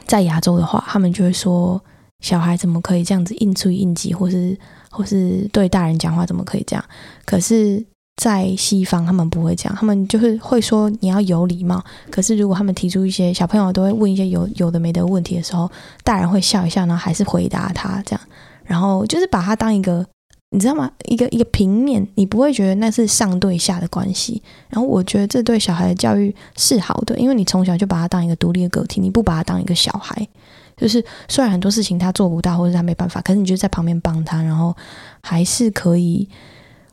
在亞洲的話，他們就會說，小孩怎麼可以這樣子應嘴應急，或是或是對大人講話怎麼可以這樣？可是在西方，他們不會這樣，他們就是會說你要有禮貌。可是如果他們提出一些小朋友都會問一些有有的沒的問題的時候，大人會笑一笑，然後還是回答他這樣，然後就是把他當一個，你知道嗎？一個一個平面，你不會覺得那是上對下的關係。然後我覺得這對小孩的教育是好的，因為你從小就把他當一個獨立的個體，你不把他當一個小孩。就是雖然很多事情他做不到，或者他沒辦法，可是你就在旁邊幫他，然後還是可以。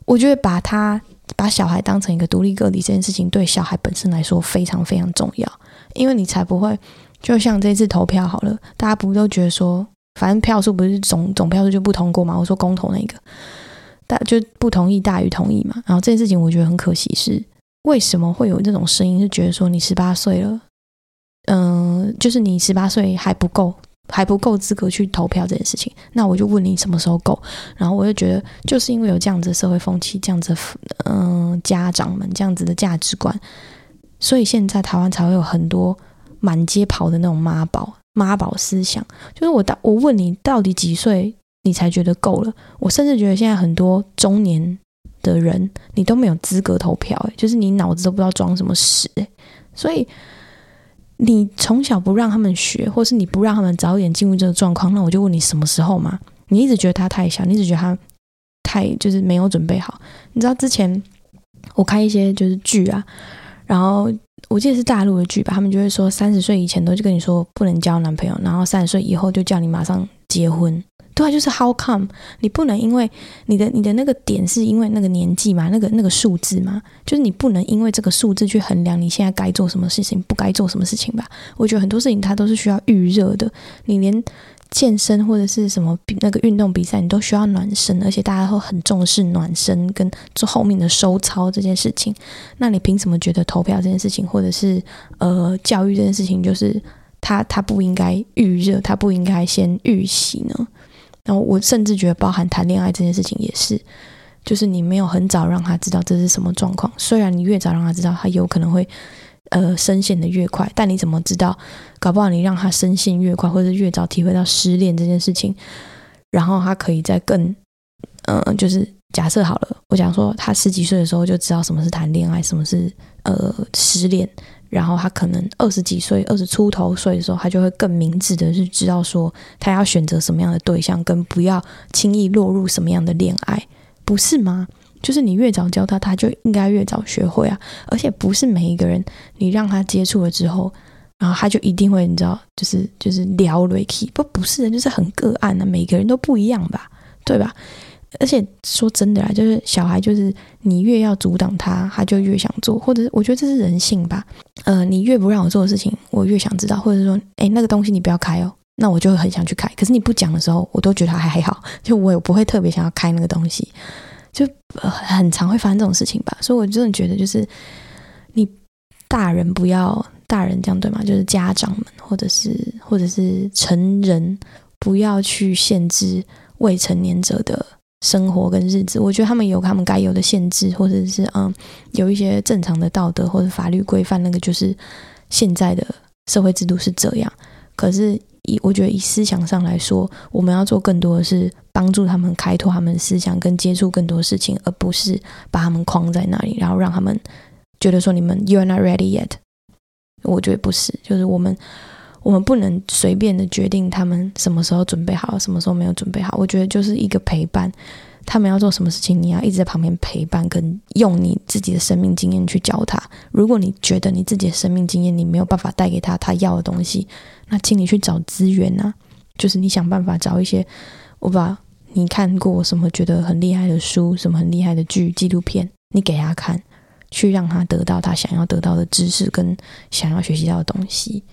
我覺得把他。把小孩當成一個獨立個體這件事情，對小孩本身來說非常非常重要，因為你才不會，就像這次投票好了，大家不都覺得說，反正票數不是總總票數就不通過嘛。我說公投那個，但就不同意大於同意嘛。然後這件事情我覺得很可惜是，是為什麼會有那種聲音是覺得說你十八歲了，嗯、呃，就是你十八歲還不夠。還不夠資格去投票這件事情，那我就問你什麼時候夠？然後我就覺得，就是因為有這樣子的社會風氣，這樣子嗯、呃，家長們這樣子的價值觀，所以現在台灣才會有很多滿街跑的那種媽寶媽寶思想。就是我到我問你到底幾歲你才覺得夠了？我甚至覺得現在很多中年的人你都沒有資格投票，欸，就是你腦子都不知道裝什麼屎，欸，所以。你從小不讓他們學，或是你不讓他們早點進入這個狀況，那我就問你什麼時候嘛？你一直覺得他太小，你一直覺得他太就是沒有準備好。你知道之前我看一些就是劇啊，然後我記得是大陸的劇吧，他們就會說三十歲以前都就跟你說不能交男朋友，然後三十歲以後就叫你馬上結婚。對啊，就是 How come？你不能因為你的你的那個點是因為那個年紀嘛，那個那個數字嘛，就是你不能因為這個數字去衡量你現在該做什麼事情，不該做什麼事情吧？我覺得很多事情它都是需要預熱的。你連健身或者是什麼比那個運動比賽，你都需要暖身，而且大家會很重視暖身跟做後面的收操這件事情。那你憑什麼覺得投票這件事情，或者是呃教育這件事情，就是它它不應該預熱，它不應該先預習呢？然後我甚至覺得，包含談戀愛這件事情也是，就是你沒有很早讓他知道這是什麼狀況。雖然你越早讓他知道，他有可能會，呃，深陷的越快。但你怎麼知道？搞不好你讓他深陷越快，或者越早體會到失戀這件事情，然後他可以再更，呃，就是假設好了，我想說他十幾歲的時候就知道什麼是談戀愛，什麼是呃失戀。然後他可能二十幾歲、二十出頭歲的時候，他就會更明智的是知道說他要選擇什麼樣的對象，跟不要輕易落入什麼樣的戀愛，不是嗎？就是你越早教他，他就應該越早學會啊。而且不是每一個人，你讓他接觸了之後，然後他就一定會你知道，就是就是聊瑞奇，不過不是的，就是很個案的啊，每個人都不一樣吧，對吧？而且說真的啦，就是小孩，就是你越要阻擋他，他就越想做，或者是我覺得這是人性吧。呃，你越不讓我做的事情，我越想知道，或者是說，哎，那個東西你不要開哦，那我就很想去開。可是你不講的時候，我都覺得他還好，就我也不會特別想要開那個東西，就、呃、很常會發生這種事情吧。所以我真的覺得，就是你大人不要大人這樣，對嗎？就是家長們或者是或者是成人不要去限制未成年者的。生活跟日子，我覺得他們有他們該有的限制，或者是嗯，有一些正常的道德或者法律規範。那個就是現在的社會制度是這樣。可是以我覺得以思想上來說，我們要做更多的是幫助他們開拓他們的思想，跟接觸更多事情，而不是把他們框在那裡，然後讓他們覺得說你們 you are not ready yet。我覺得不是，就是我們。我們不能隨便的決定他們什麼時候準備好，什麼時候沒有準備好。我覺得就是一個陪伴，他們要做什麼事情，你要一直在旁邊陪伴，跟用你自己的生命經驗去教他。如果你覺得你自己的生命經驗你沒有辦法帶給他他要的東西，那請你去找資源啊，就是你想辦法找一些。我把你看過什麼覺得很厲害的書，什麼很厲害的劇、紀錄片，你給他看，去讓他得到他想要得到的知識跟想要學習到的東西。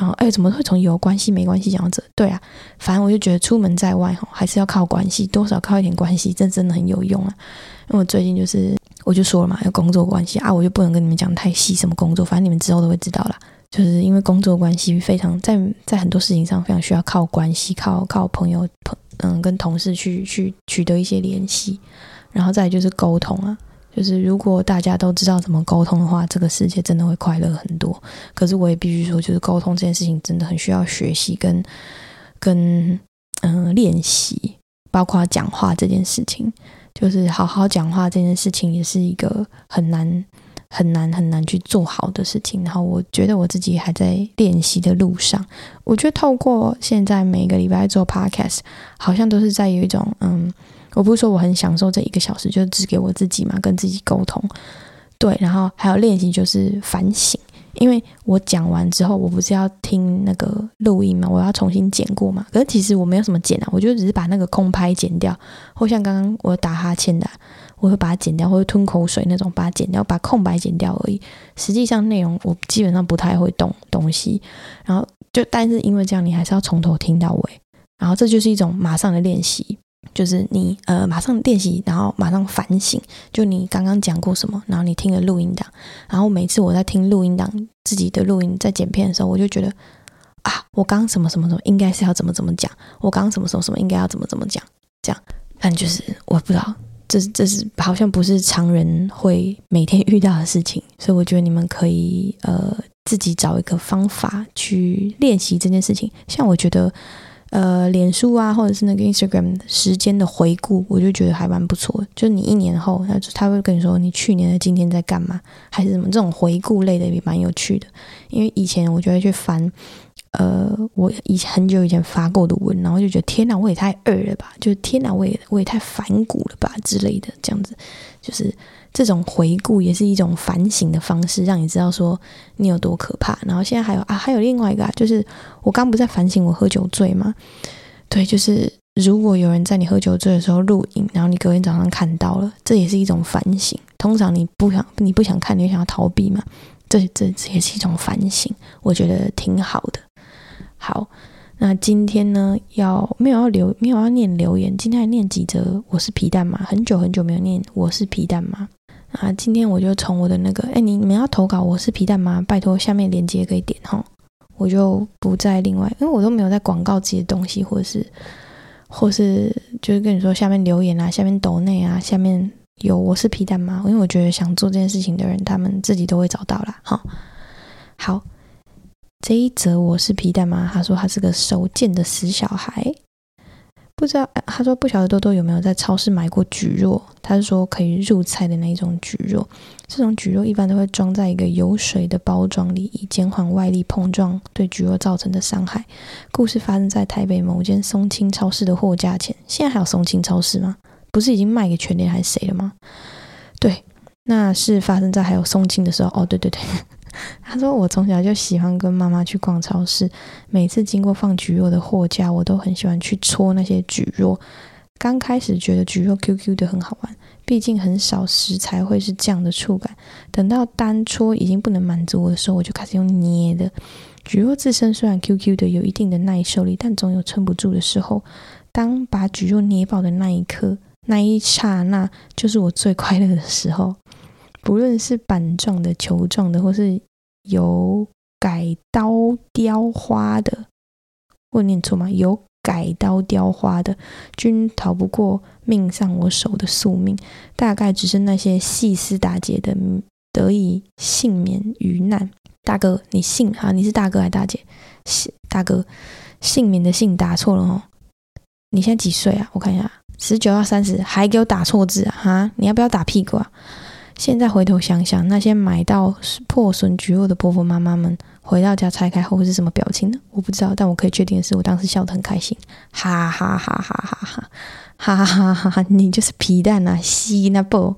然後，哎、欸，怎麼會從有關係沒關係講到這？對啊，反正我就覺得出門在外哈，還是要靠關係，多少靠一點關係，這真的很有用啊。因為我最近就是，我就說了嘛，要工作關係啊，我就不能跟你們講太細什麼工作，反正你們之後都會知道啦。就是因為工作關係非常在在很多事情上非常需要靠關係，靠靠朋友朋嗯跟同事去去取得一些聯繫，然後再來就是溝通啊。就是如果大家都知道怎麼溝通的話，這個世界真的會快樂很多。可是我也必須說，就是溝通這件事情真的很需要學習跟跟嗯練習，包括講話這件事情，就是好好講話這件事情，也是一個很難很難很難去做好的事情。然後我覺得我自己還在練習的路上。我覺得透過現在每個禮拜做 podcast，好像都是在有一種嗯。我不是說我很享受這一個小時，就只給我自己嘛，跟自己溝通。對，然後還有練習，就是反省。因為我講完之後，我不是要聽那個錄音嘛，我要重新剪過嘛。可是其實我沒有什麼剪啊，我就只是把那個空拍剪掉，或像剛剛我打哈欠的啊，我會把它剪掉，或者吞口水那種，把它剪掉，把空白剪掉而已。實際上內容我基本上不太會動東西。然後就但是因為這樣，你還是要從頭聽到尾。然後這就是一種馬上的練習。就是你呃，馬上練習，然後馬上反省。就你剛剛講過什麼，然後你聽了錄音檔，然後每次我在聽錄音檔自己的錄音在剪片的時候，我就覺得啊，我剛什麼什麼什麼，應該是要怎麼怎麼講。我剛剛什麼什麼什麼，應該要怎麼怎麼講。這樣，但就是我不知道，這是，這是好像不是常人會每天遇到的事情。所以我覺得你們可以呃，自己找一個方法去練習這件事情。像我覺得。呃，臉書啊，或者是那個 Instagram 時間的回顧，我就覺得還蠻不錯的。就你一年後，他就他會跟你說你去年的今天在幹嘛，還是什麼這種回顧類的也蠻有趣的。因為以前我就會去翻，呃，我以前很久以前發過的文，然後就覺得天哪，我也太二了吧，就是天哪，我也我也太反骨了吧之類的，這樣子就是。這種回顧也是一種反省的方式，讓你知道說你有多可怕。然後現在還有啊，還有另外一個，啊，就是我剛不在反省我喝酒醉嗎？對，就是如果有人在你喝酒醉的時候錄影，然後你隔天早上看到了，這也是一種反省。通常你不想你不想看，你就想要逃避嘛，這這，這也是一種反省，我覺得挺好的。好，那今天呢，要沒有要留沒有要念留言，今天還念幾則？我是皮蛋嗎？很久很久沒有念我是皮蛋嗎？啊，今天我就從我的那個，哎，你你們要投稿，我是皮蛋嗎？拜託，下面鏈接可以點哦，我就不再另外，因為我都沒有在廣告自己的東西，或者是，或是就是跟你說下面留言啊，下面抖內啊，下面有我是皮蛋嗎？因為我覺得想做這件事情的人，他們自己都會找到啦。哈。好，這一則我是皮蛋嗎？他說他是個手賤的死小孩。不知道，他說不曉得多多有沒有在超市買過蒟蒻，他是說可以入菜的那種蒟蒻，這種蒟蒻一般都會裝在一個有水的包裝裡，以減緩外力碰撞對蒟蒻造成的傷害。故事發生在台北某間松青超市的貨架前。現在還有松青超市嗎？不是已經賣給全聯還是誰了嗎？對，那是發生在還有松青的時候。哦，對對對。他說：“我從小就喜歡跟媽媽去逛超市，每次經過放蒟蒻的貨架，我都很喜歡去戳那些蒟蒻。剛開始覺得蒟蒻 Q Q 的很好玩，畢竟很少食材會是這樣的觸感。等到單戳已經不能滿足我的時候，我就開始用捏的。蒟蒻自身雖然 Q Q 的有一定的耐受力，但總有撐不住的時候。當把蒟蒻捏爆的那一刻，那一剎那就是我最快樂的時候。”不論是板狀的、球狀的，或是有改刀雕花的，我念錯嗎？有改刀雕花的，均逃不過命喪我手的宿命。大概只是那些細絲打結的，得以幸免於難。大哥，你幸、啊、你是大哥還是大姐？大哥幸免的幸打錯了哦。你現在幾歲啊？我看一下，十九到三十，還給我打錯字啊，啊？你要不要打屁股啊？現在回頭想想，那些買到破損橘肉的婆婆媽媽們回到家拆開後會是什麼表情呢？我不知道，但我可以確定的是，我當時笑得很開心，哈哈哈哈哈哈，哈哈哈哈，你就是皮蛋啊，西那不，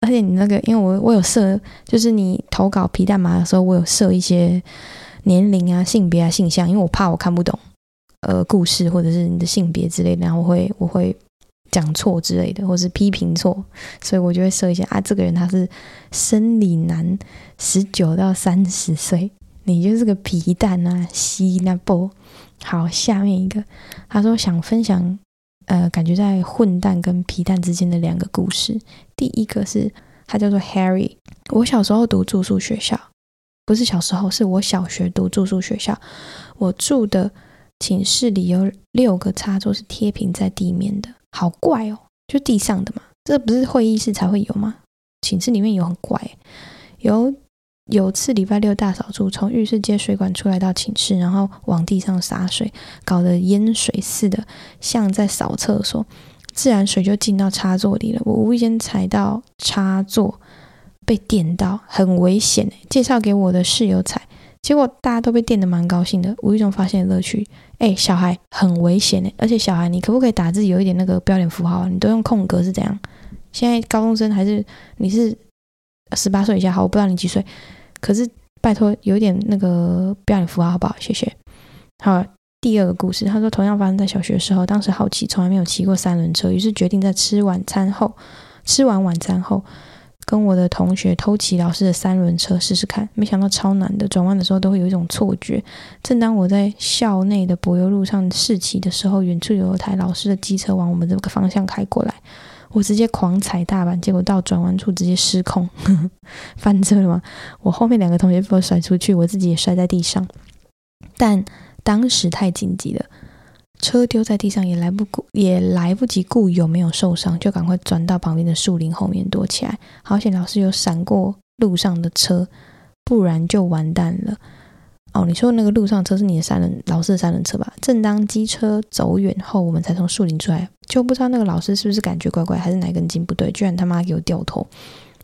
而且你那個，因為我我有設，就是你投稿皮蛋嘛的時候，我有設一些年齡啊、性別啊、性向，因為我怕我看不懂，呃，故事或者是你的性別之類的，然後我會我會。講錯之類的，或是批評錯，所以我就會說一下啊，這個人他是生理男，十九到三十歲，你就是個皮蛋啊，西那波。好，下面一個，他說想分享，呃，感覺在混蛋跟皮蛋之間的兩個故事。第一個是，他叫做 Harry。我小時候讀住宿學校，不是小時候，是我小學讀住宿學校，我住的。寢室裡有六個插座是貼平在地面的，好怪哦！就地上的嘛，這不是會議室才會有嗎？寢室裡面有很怪、欸，有有次禮拜六大掃除，從浴室接水管出來到寢室，然後往地上灑水，搞得淹水似的，像在掃廁所，自然水就進到插座裡了。我無意間踩到插座，被電到，很危險、欸。介紹給我的室友踩。結果大家都被電得蠻高興的，無意中發現樂趣。哎，小孩很危險呢，而且小孩，你可不可以打字有一點那個標點符號啊？你都用空格是怎樣？現在高中生還是你是十八歲以下？好，我不知道你幾歲，可是拜託，有一點那個標點符號好不好？謝謝。好，第二個故事，他說同樣發生在小學的時候，當時好奇從來沒有騎過三輪車，於是決定在吃晚餐後，吃完晚餐後。跟我的同學偷騎老師的三輪車試試看，沒想到超難的，轉彎的時候都會有一種錯覺。正當我在校內的柏油路上試騎的時候，遠處有一台老師的機車往我們這個方向開過來，我直接狂踩大板，結果到轉彎處直接失控， 翻車了嗎？我後面兩個同學被我甩出去，我自己也摔在地上，但當時太緊急了。車丟在地上也來不及，也來不及顧有沒有受傷，就趕快轉到旁邊的樹林後面躲起來。好險，老師有閃過路上的車，不然就完蛋了。哦，你說那個路上車是你的三輪，老師的三輪車吧？正當機車走遠後，我們才從樹林出來，就不知道那個老師是不是感覺怪怪，還是哪根筋不對，居然他媽給我掉頭。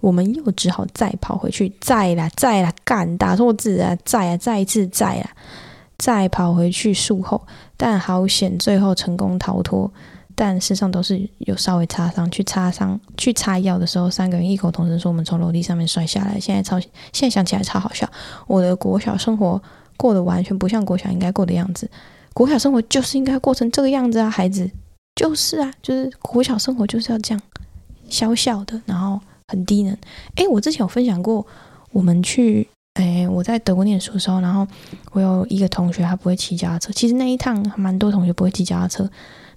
我們又只好再跑回去，再啦，再啦，幹，打錯字啊，再啊，再一次，再啊。再跑回去術後，但好險最後成功逃脫，但身上都是有稍微擦傷。去擦傷、去擦藥的時候，三個人異口同聲說：“我們從樓梯上面摔下來。”現在超，現在想起來超好笑。我的國小生活過得完全不像國小應該過的樣子。國小生活就是應該過成這個樣子啊，孩子，就是啊，就是國小生活就是要這樣，笑笑的，然後很低能。誒，我之前有分享過，我們去。哎，我在德國念書的時候，然後我有一個同學他不會騎腳踏車，其實那一趟蠻多同學不會騎腳踏車，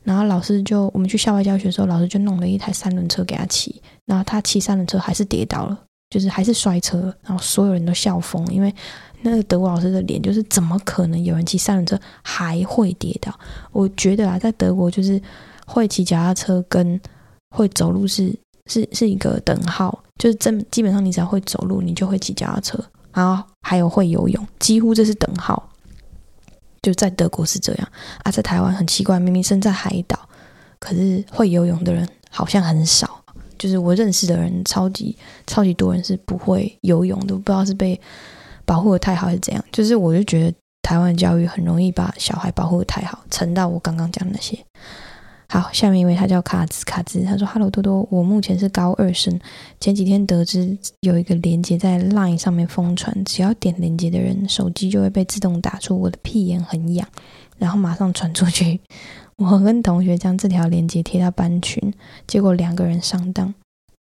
然後老師就我們去校外教學的時候，老師就弄了一台三輪車給他騎。然後他騎三輪車還是跌倒了，就是還是摔車。然後所有人都笑瘋，因為那個德國老師的臉就是怎麼可能有人騎三輪車還會跌倒？我覺得啊，在德國就是會騎腳踏車跟會走路是是是一個等號，就是正基本上你只要會走路，你就會騎腳踏車。然後還有會游泳，幾乎這是等號。就在德國是這樣啊，在台灣很奇怪，明明身在海島，可是會游泳的人好像很少。就是我認識的人，超級超級多人是不會游泳，都不知道是被保護得太好還是怎樣。就是我就覺得台灣的教育很容易把小孩保護得太好，沉到我剛剛講的那些。好，下面一位他叫卡茲卡茲，他說：“哈嘍，多多，我目前是高二生。前幾天得知有一個連接在 Line 上面瘋傳，只要點連接的人，手機就會被自動打出我的屁眼很癢，然後馬上傳出去。我跟同學將這條連接貼到班群，結果兩個人上當。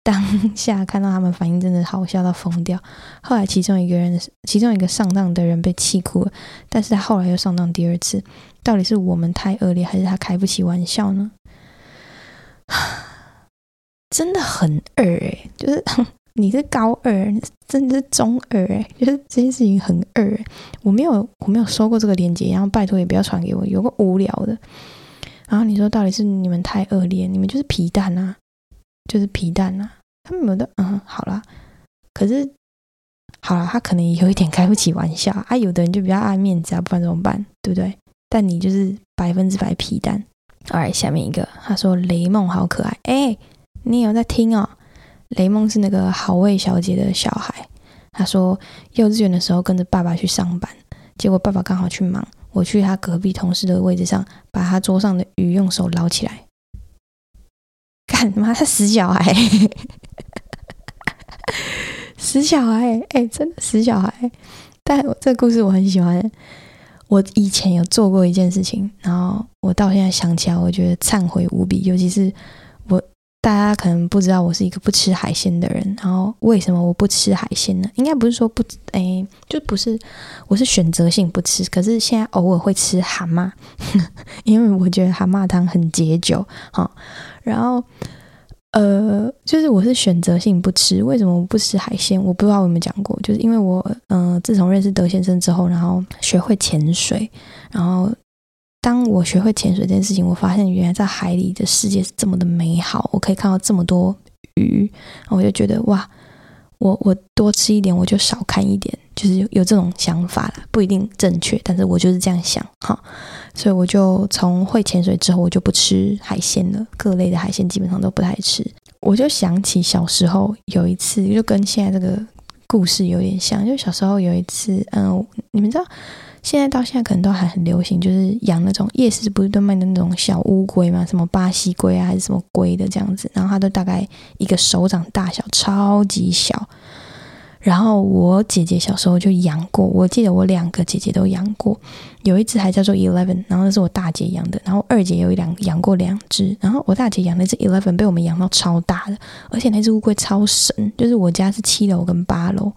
當下看到他們反應，真的好笑到瘋掉。後來其中一個人，其中一個上當的人被氣哭了，但是他後來又上當第二次。”到底是我們太惡劣，還是他開不起玩笑呢？真的很二誒、欸，就是你是高二，你真的是中二誒、欸，就是這件事情很二、欸。我沒有，我沒有說過這個鏈接，然後拜托也不要傳給我，有個無聊的。然後你說到底是你們太惡劣，你們就是皮蛋吶、啊，就是皮蛋吶、啊。他們有的嗯，好了，可是好了，他可能也有一點開不起玩笑啊。有的人就比較愛面子啊，不然怎麼辦？對不對？但你就是百分之百皮蛋。Alright，下面一個，他說雷夢好可愛。哎、欸，你有在聽哦？雷夢是那個好位小姐的小孩。他說，幼稚園的時候跟着爸爸去上班，結果爸爸剛好去忙，我去他隔壁同事的位置上，把他桌上的魚用手撈起來。幹他死小孩， 死小孩，欸，死小孩，哎，真的死小孩。但我這個故事我很喜歡。我以前有做過一件事情，然後我到現在想起來，我覺得懺悔無比。尤其是我，大家可能不知道，我是一個不吃海鮮的人。然後為什麼我不吃海鮮呢？應該不是說不，哎，就不是，我是選擇性不吃。可是現在偶爾會吃蛤蟆，呵呵，因為我覺得蛤蟆湯很解酒。哦，然後。呃，就是我是選擇性不吃，為什麼我不吃海鮮？我不知道我有沒有講過，就是因為我，嗯、呃，自從認識德先生之後，然後學會潛水，然後當我學會潛水這件事情，我發現原來在海裡的世界是這麼的美好，我可以看到這麼多魚，然後我就覺得哇，我我多吃一點，我就少看一點，就是有這種想法了，不一定正確，但是我就是這樣想，哈。所以我就從會潛水之後，我就不吃海鮮了。各類的海鮮基本上都不太吃。我就想起小時候有一次，就跟現在這個故事有點像。就小時候有一次，嗯，你們知道，現在到現在可能都還很流行，就是養那種夜市不是都賣的那種小烏龜嗎？什麼巴西龜啊，還是什麼龜的這樣子。然後它都大概一個手掌大小，超級小。然後我姐姐小時候就養過，我記得我兩個姐姐都養過，有一隻還叫做 Eleven，然後那是我大姐養的，然後二姐有一兩養過兩隻，然後我大姐養那隻 Eleven 被我們養到超大的，而且那隻烏龜超神，就是我家是七樓跟八樓，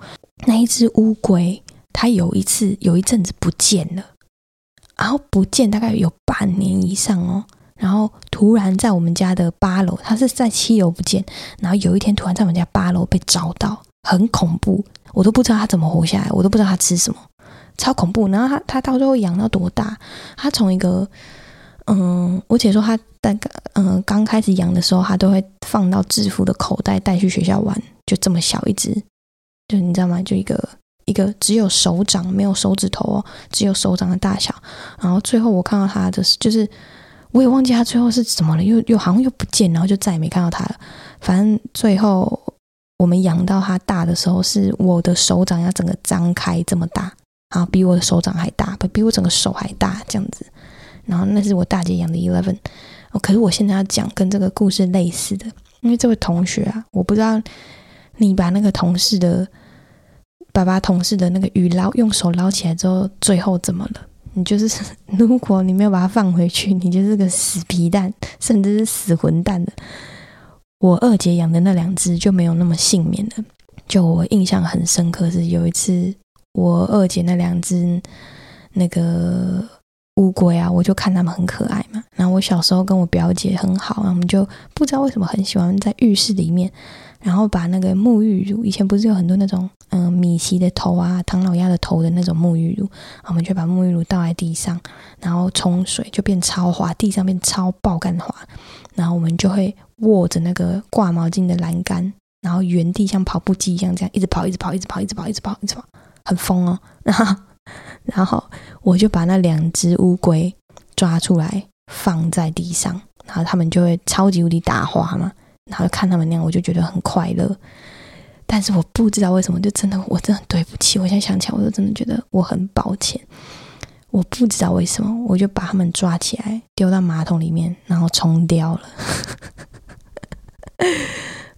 那一隻烏龜它有一次有一陣子不見了，然後不見大概有半年以上哦，然後突然在我們家的八樓，它是在七樓不見，然後有一天突然在我們家八樓被找到。很恐怖，我都不知道他怎麼活下來，我都不知道他吃什麼，超恐怖。然後他他到最後養到多大？他從一個，嗯，我姐說他大概嗯，剛、呃、開始養的時候，他都會放到制服的口袋帶去學校玩，就這麼小一隻，就你知道嗎？就一個一個只有手掌沒有手指頭哦，只有手掌的大小。然後最後我看到他的就是，我也忘記他最後是怎麼了，又又，又好像又不見，然後就再也沒看到他了。反正最後。我們養到它大的時候，是我的手掌要整個張開這麼大啊，比我的手掌還大，比比我整個手還大這樣子。然後那是我大姐養的 Eleven。哦，可是我現在要講跟這個故事類似的，因為這位同學啊，我不知道你把那個同事的爸爸同事的那個魚撈用手撈起來之後，最後怎麼了？你就是如果你沒有把它放回去，你就是個死皮蛋，甚至是死混蛋的。我二姐養的那兩隻就沒有那麼幸免了。就我印象很深刻是，有一次我二姐那兩隻那個烏龜啊，我就看它們很可愛嘛。然後我小時候跟我表姐很好，然後我們就不知道為什麼很喜歡在浴室裡面，然後把那個沐浴乳，以前不是有很多那種嗯、呃、米奇的頭啊、唐老鴨的頭的那種沐浴乳，然後我們就把沐浴乳倒在地上，然後沖水就變超滑，地上變超爆幹滑。然後我們就會握着那個掛毛巾的欄杆，然後原地像跑步機一樣這樣一直跑，一直跑，一直跑，一直跑，一直跑，一直跑，很瘋哦。然後，然後我就把那兩隻烏龜抓出來放在地上，然後他們就會超級無敵打滑嘛。然後看他們那樣，我就覺得很快樂。但是我不知道為什麼，就真的，我真的對不起。我現在想起來，我就真的覺得我很抱歉。我不知道為什麼，我就把他們抓起來丟到馬桶裡面，然後沖掉了。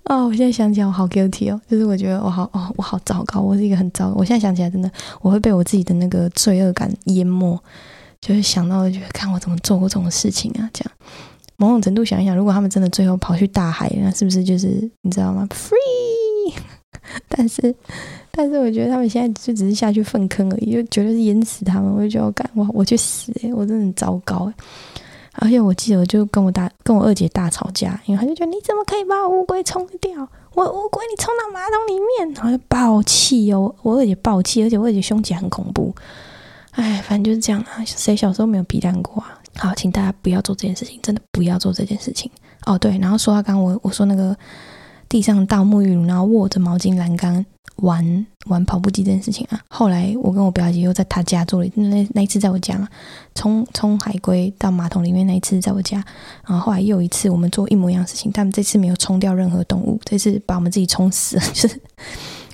哦、 oh，我現在想起來，我好 guilty 哦，就是我覺得我好哦，oh, 我好糟糕，我是一個很糟糕。我現在想起來，真的我會被我自己的那個罪惡感淹沒，就是想到就，就是看我怎麼做過這種事情啊，這樣某種程度想一想，如果他們真的最後跑去大海，那是不是就是你知道嗎？Free。 但是，但是我覺得他們現在就只是下去糞坑而已，就覺得是淹死他們。我就覺得我，我哇，我去死，欸。我真的很糟糕欸！哎，而且我記得，我就跟我大跟我二姐大吵架，因為她就覺得你怎麼可以把我烏龜沖掉？我烏龜你沖到馬桶裡面，好像爆氣哦！我二姐爆氣，而且我二姐兇起來很恐怖。哎，反正就是這樣啊，誰小時候沒有皮蛋過啊？好，請大家不要做這件事情，真的不要做這件事情。哦，對，然後說到剛剛我我說那個。地上倒沐浴乳，然後握着毛巾欄杆玩玩跑步機這件事情啊。後來我跟我表姐又在她家做了那，那一次在我家嘛，沖沖海龜到馬桶裡面那一次在我家，然後後來又一次我們做一模一樣的事情，但這次沒有沖掉任何動物，這次把我們自己沖死了，就是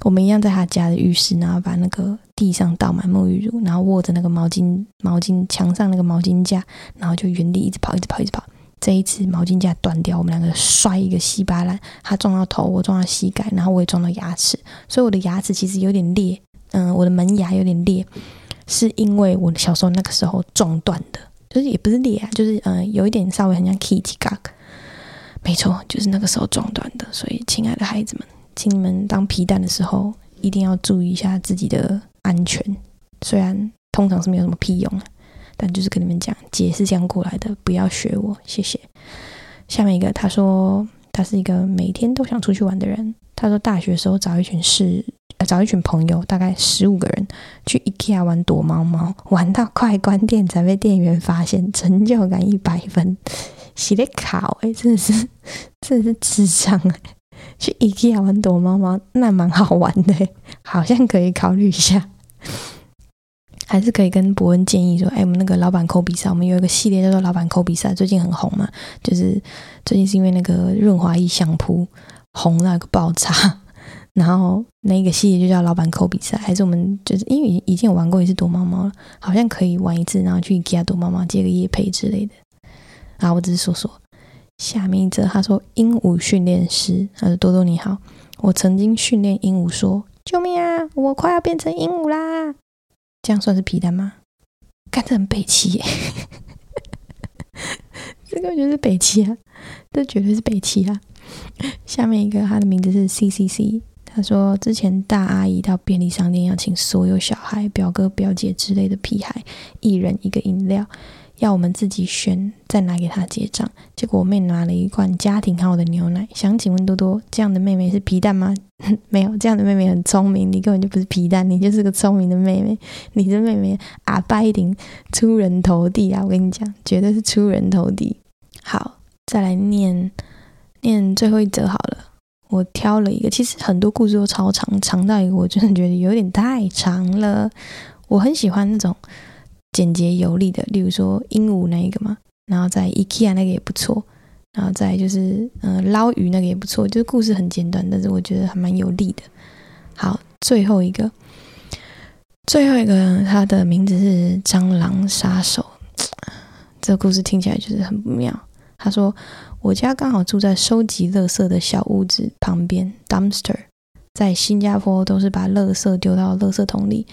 我們一樣在她家的浴室，然後把那個地上倒滿沐浴乳，然後握着那個毛巾毛巾、牆上那個毛巾架，然後就原地一直跑，一直跑，一直跑。這一次毛巾架斷掉，我們兩個摔一個稀巴爛。他撞到頭，我撞到膝蓋，然後我也撞到牙齒。所以我的牙齒其實有點裂，嗯、呃，我的門牙有點裂，是因為我小時候那個時候撞斷的，就是也不是裂啊，就是嗯、呃，有一點稍微很像磕擊嘎。沒錯，就是那個時候撞斷的。所以，親愛的孩子們，請你們當皮蛋的時候，一定要注意一下自己的安全，雖然通常是沒有什麼屁用、啊但就是跟你們講，姐是這樣過來的，不要學我，謝謝。下面一個，他說他是一個每天都想出去玩的人。他說大學時候找一群十、呃，找一群朋友，大概十五個人去 IKEA 玩躲貓貓，玩到快關店才被店員發現，成就感一百分。洗的卡，哎，真的是，真的是智障、欸。去 IKEA 玩躲貓貓，那蠻好玩的、欸，好像可以考慮一下。還是可以跟博恩建議說，誒、欸、我們那個老闆摳比賽，我們有一個系列叫做老闆摳比賽，最近很紅嘛，就是最近是因為那個潤滑液相撲紅到一個爆炸，然後那個系列就叫老闆摳比賽。還是我們就是因為已經，已經有玩過一次躲貓貓了，好像可以玩一次，然後去給它躲貓貓接個業配之類的。然後，我只是說說。下面一則他說鸚鵡訓練師，他說多多你好，我曾經訓練鸚鵡說救命啊，我快要變成鸚鵡啦。這樣算是皮蛋嗎？看這很北七，這個就是北七啊，這絕對是北七啊。下面一個，他的名字是 CCC，他說之前大阿姨到便利商店要請所有小孩、表哥、表姐之類的屁孩一人一個飲料。要我們自己選，再拿給他結賬結果我妹拿了一罐家庭號的牛奶，想請問多多，這樣的妹妹是皮蛋嗎？沒有，這樣的妹妹很聰明，你根本就不是皮蛋，你就是個聰明的妹妹。你的妹妹啊，一定出人頭地啊！我跟你講，絕對是出人頭地。好，再來念念最後一則好了。我挑了一個，其實很多故事都超長，長到一個我真的覺得有點太長了。我很喜歡那種。簡潔有力的，例如說鸚鵡那一個嘛，然後在 IKEA 那個也不錯，然後在就是嗯、呃、撈魚那個也不錯，就是故事很簡短，但是我覺得還蠻有力的。好，最後一個，最後一個，它的名字是蟑螂殺手。這故事聽起來就是很不妙。他說：“我家剛好住在收集垃圾的小屋子旁邊 （dumpster）。在新加坡都是把垃圾丟到垃圾桶裡，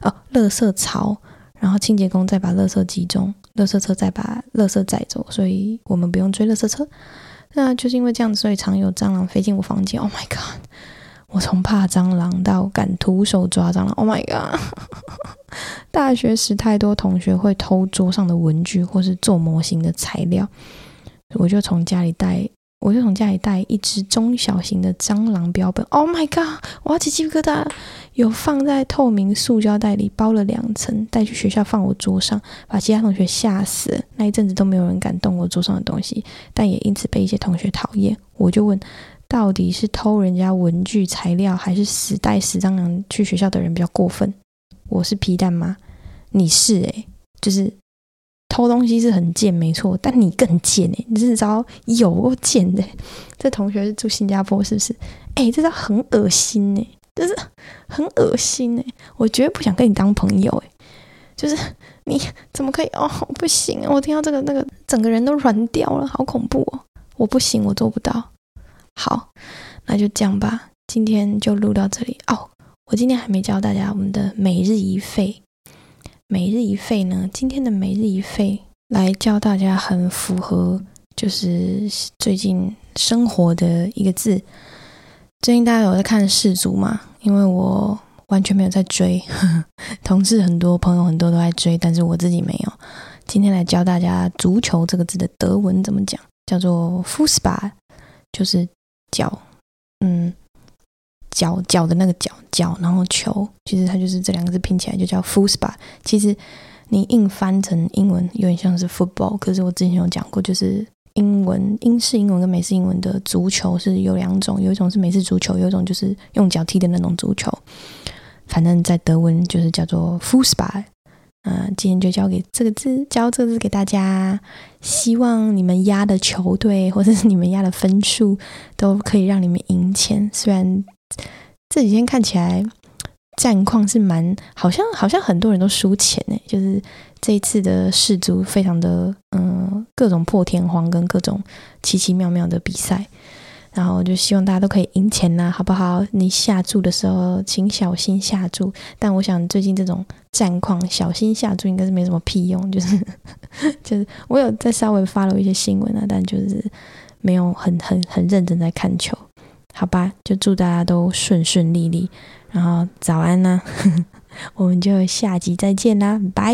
哦，垃圾槽。”然後清潔工再把垃圾集中，垃圾車再把垃圾載走，所以我們不用追垃圾車。那就是因為這樣子，所以常有蟑螂飛進我房間。Oh my god！我從怕蟑螂到敢徒手抓蟑螂。Oh my god！ 大學時太多同學會偷桌上的文具或是做模型的材料，我就從家裡帶。我就從家裡帶一隻中小型的蟑螂標本。Oh my god！我要起雞皮疙瘩。有放在透明塑膠袋裡包了兩層，帶去學校放我桌上，把其他同學嚇死了。那一陣子都沒有人敢動我桌上的東西，但也因此被一些同學討厭。我就問，到底是偷人家文具材料，還是死帶死蟑螂去學校的人比較過分？我是皮蛋嗎？你是哎、欸，就是。偷東西是很賤，沒錯，但你更賤哎，你這招有夠賤的，這同學是住新加坡是不是？哎、欸，這招很噁心哎，就是很噁心哎！我絕對不想跟你當朋友哎，就是你怎麼可以哦？不行，我聽到這個那個，整個人都軟掉了，好恐怖哦！我不行，我做不到。好，那就這樣吧，今天就錄到這裡哦。我今天還沒教大家我們的每日一廢。每日一廢呢？今天的每日一廢來教大家，很符合就是最近生活的一個字。最近大家有在看世足嘛？因為我完全沒有在追，呵呵。同事很多朋友很多都在追，但是我自己沒有。今天來教大家足球這個字的德文怎麼講，叫做 Fußball，就是腳，嗯。腳腳的那個腳腳，然後球，其實它，就是這兩個字拼起來就叫 Fußball。其實你硬翻成英文，有點像是 football。可是我之前有講過，就是英文英式英文跟美式英文的足球是有兩種，有一種是美式足球，有一種就是用腳踢的那種足球。反正，在德文就是叫做 Fußball。嗯、呃，今天就教給這個字，教這個字給大家。希望你們壓的球隊或者是你們壓的分數都可以讓你們贏錢，雖然。這幾天看起來戰況是蠻，好像好像很多人都輸錢呢、欸，就是這一次的世足非常的嗯，各種破天荒跟各種奇奇妙妙的比賽，然後就希望大家都可以贏錢吶、啊，好不好？你下注的時候請小心下注，但我想最近這種戰況，小心下注應該是沒什麼屁用，就是就是我有在稍微 follow 一些新聞啊，但就是沒有很很很認真在看球。好吧，就祝大家都順順利利，然後早安呢、啊， 我們就下集再見啦，拜。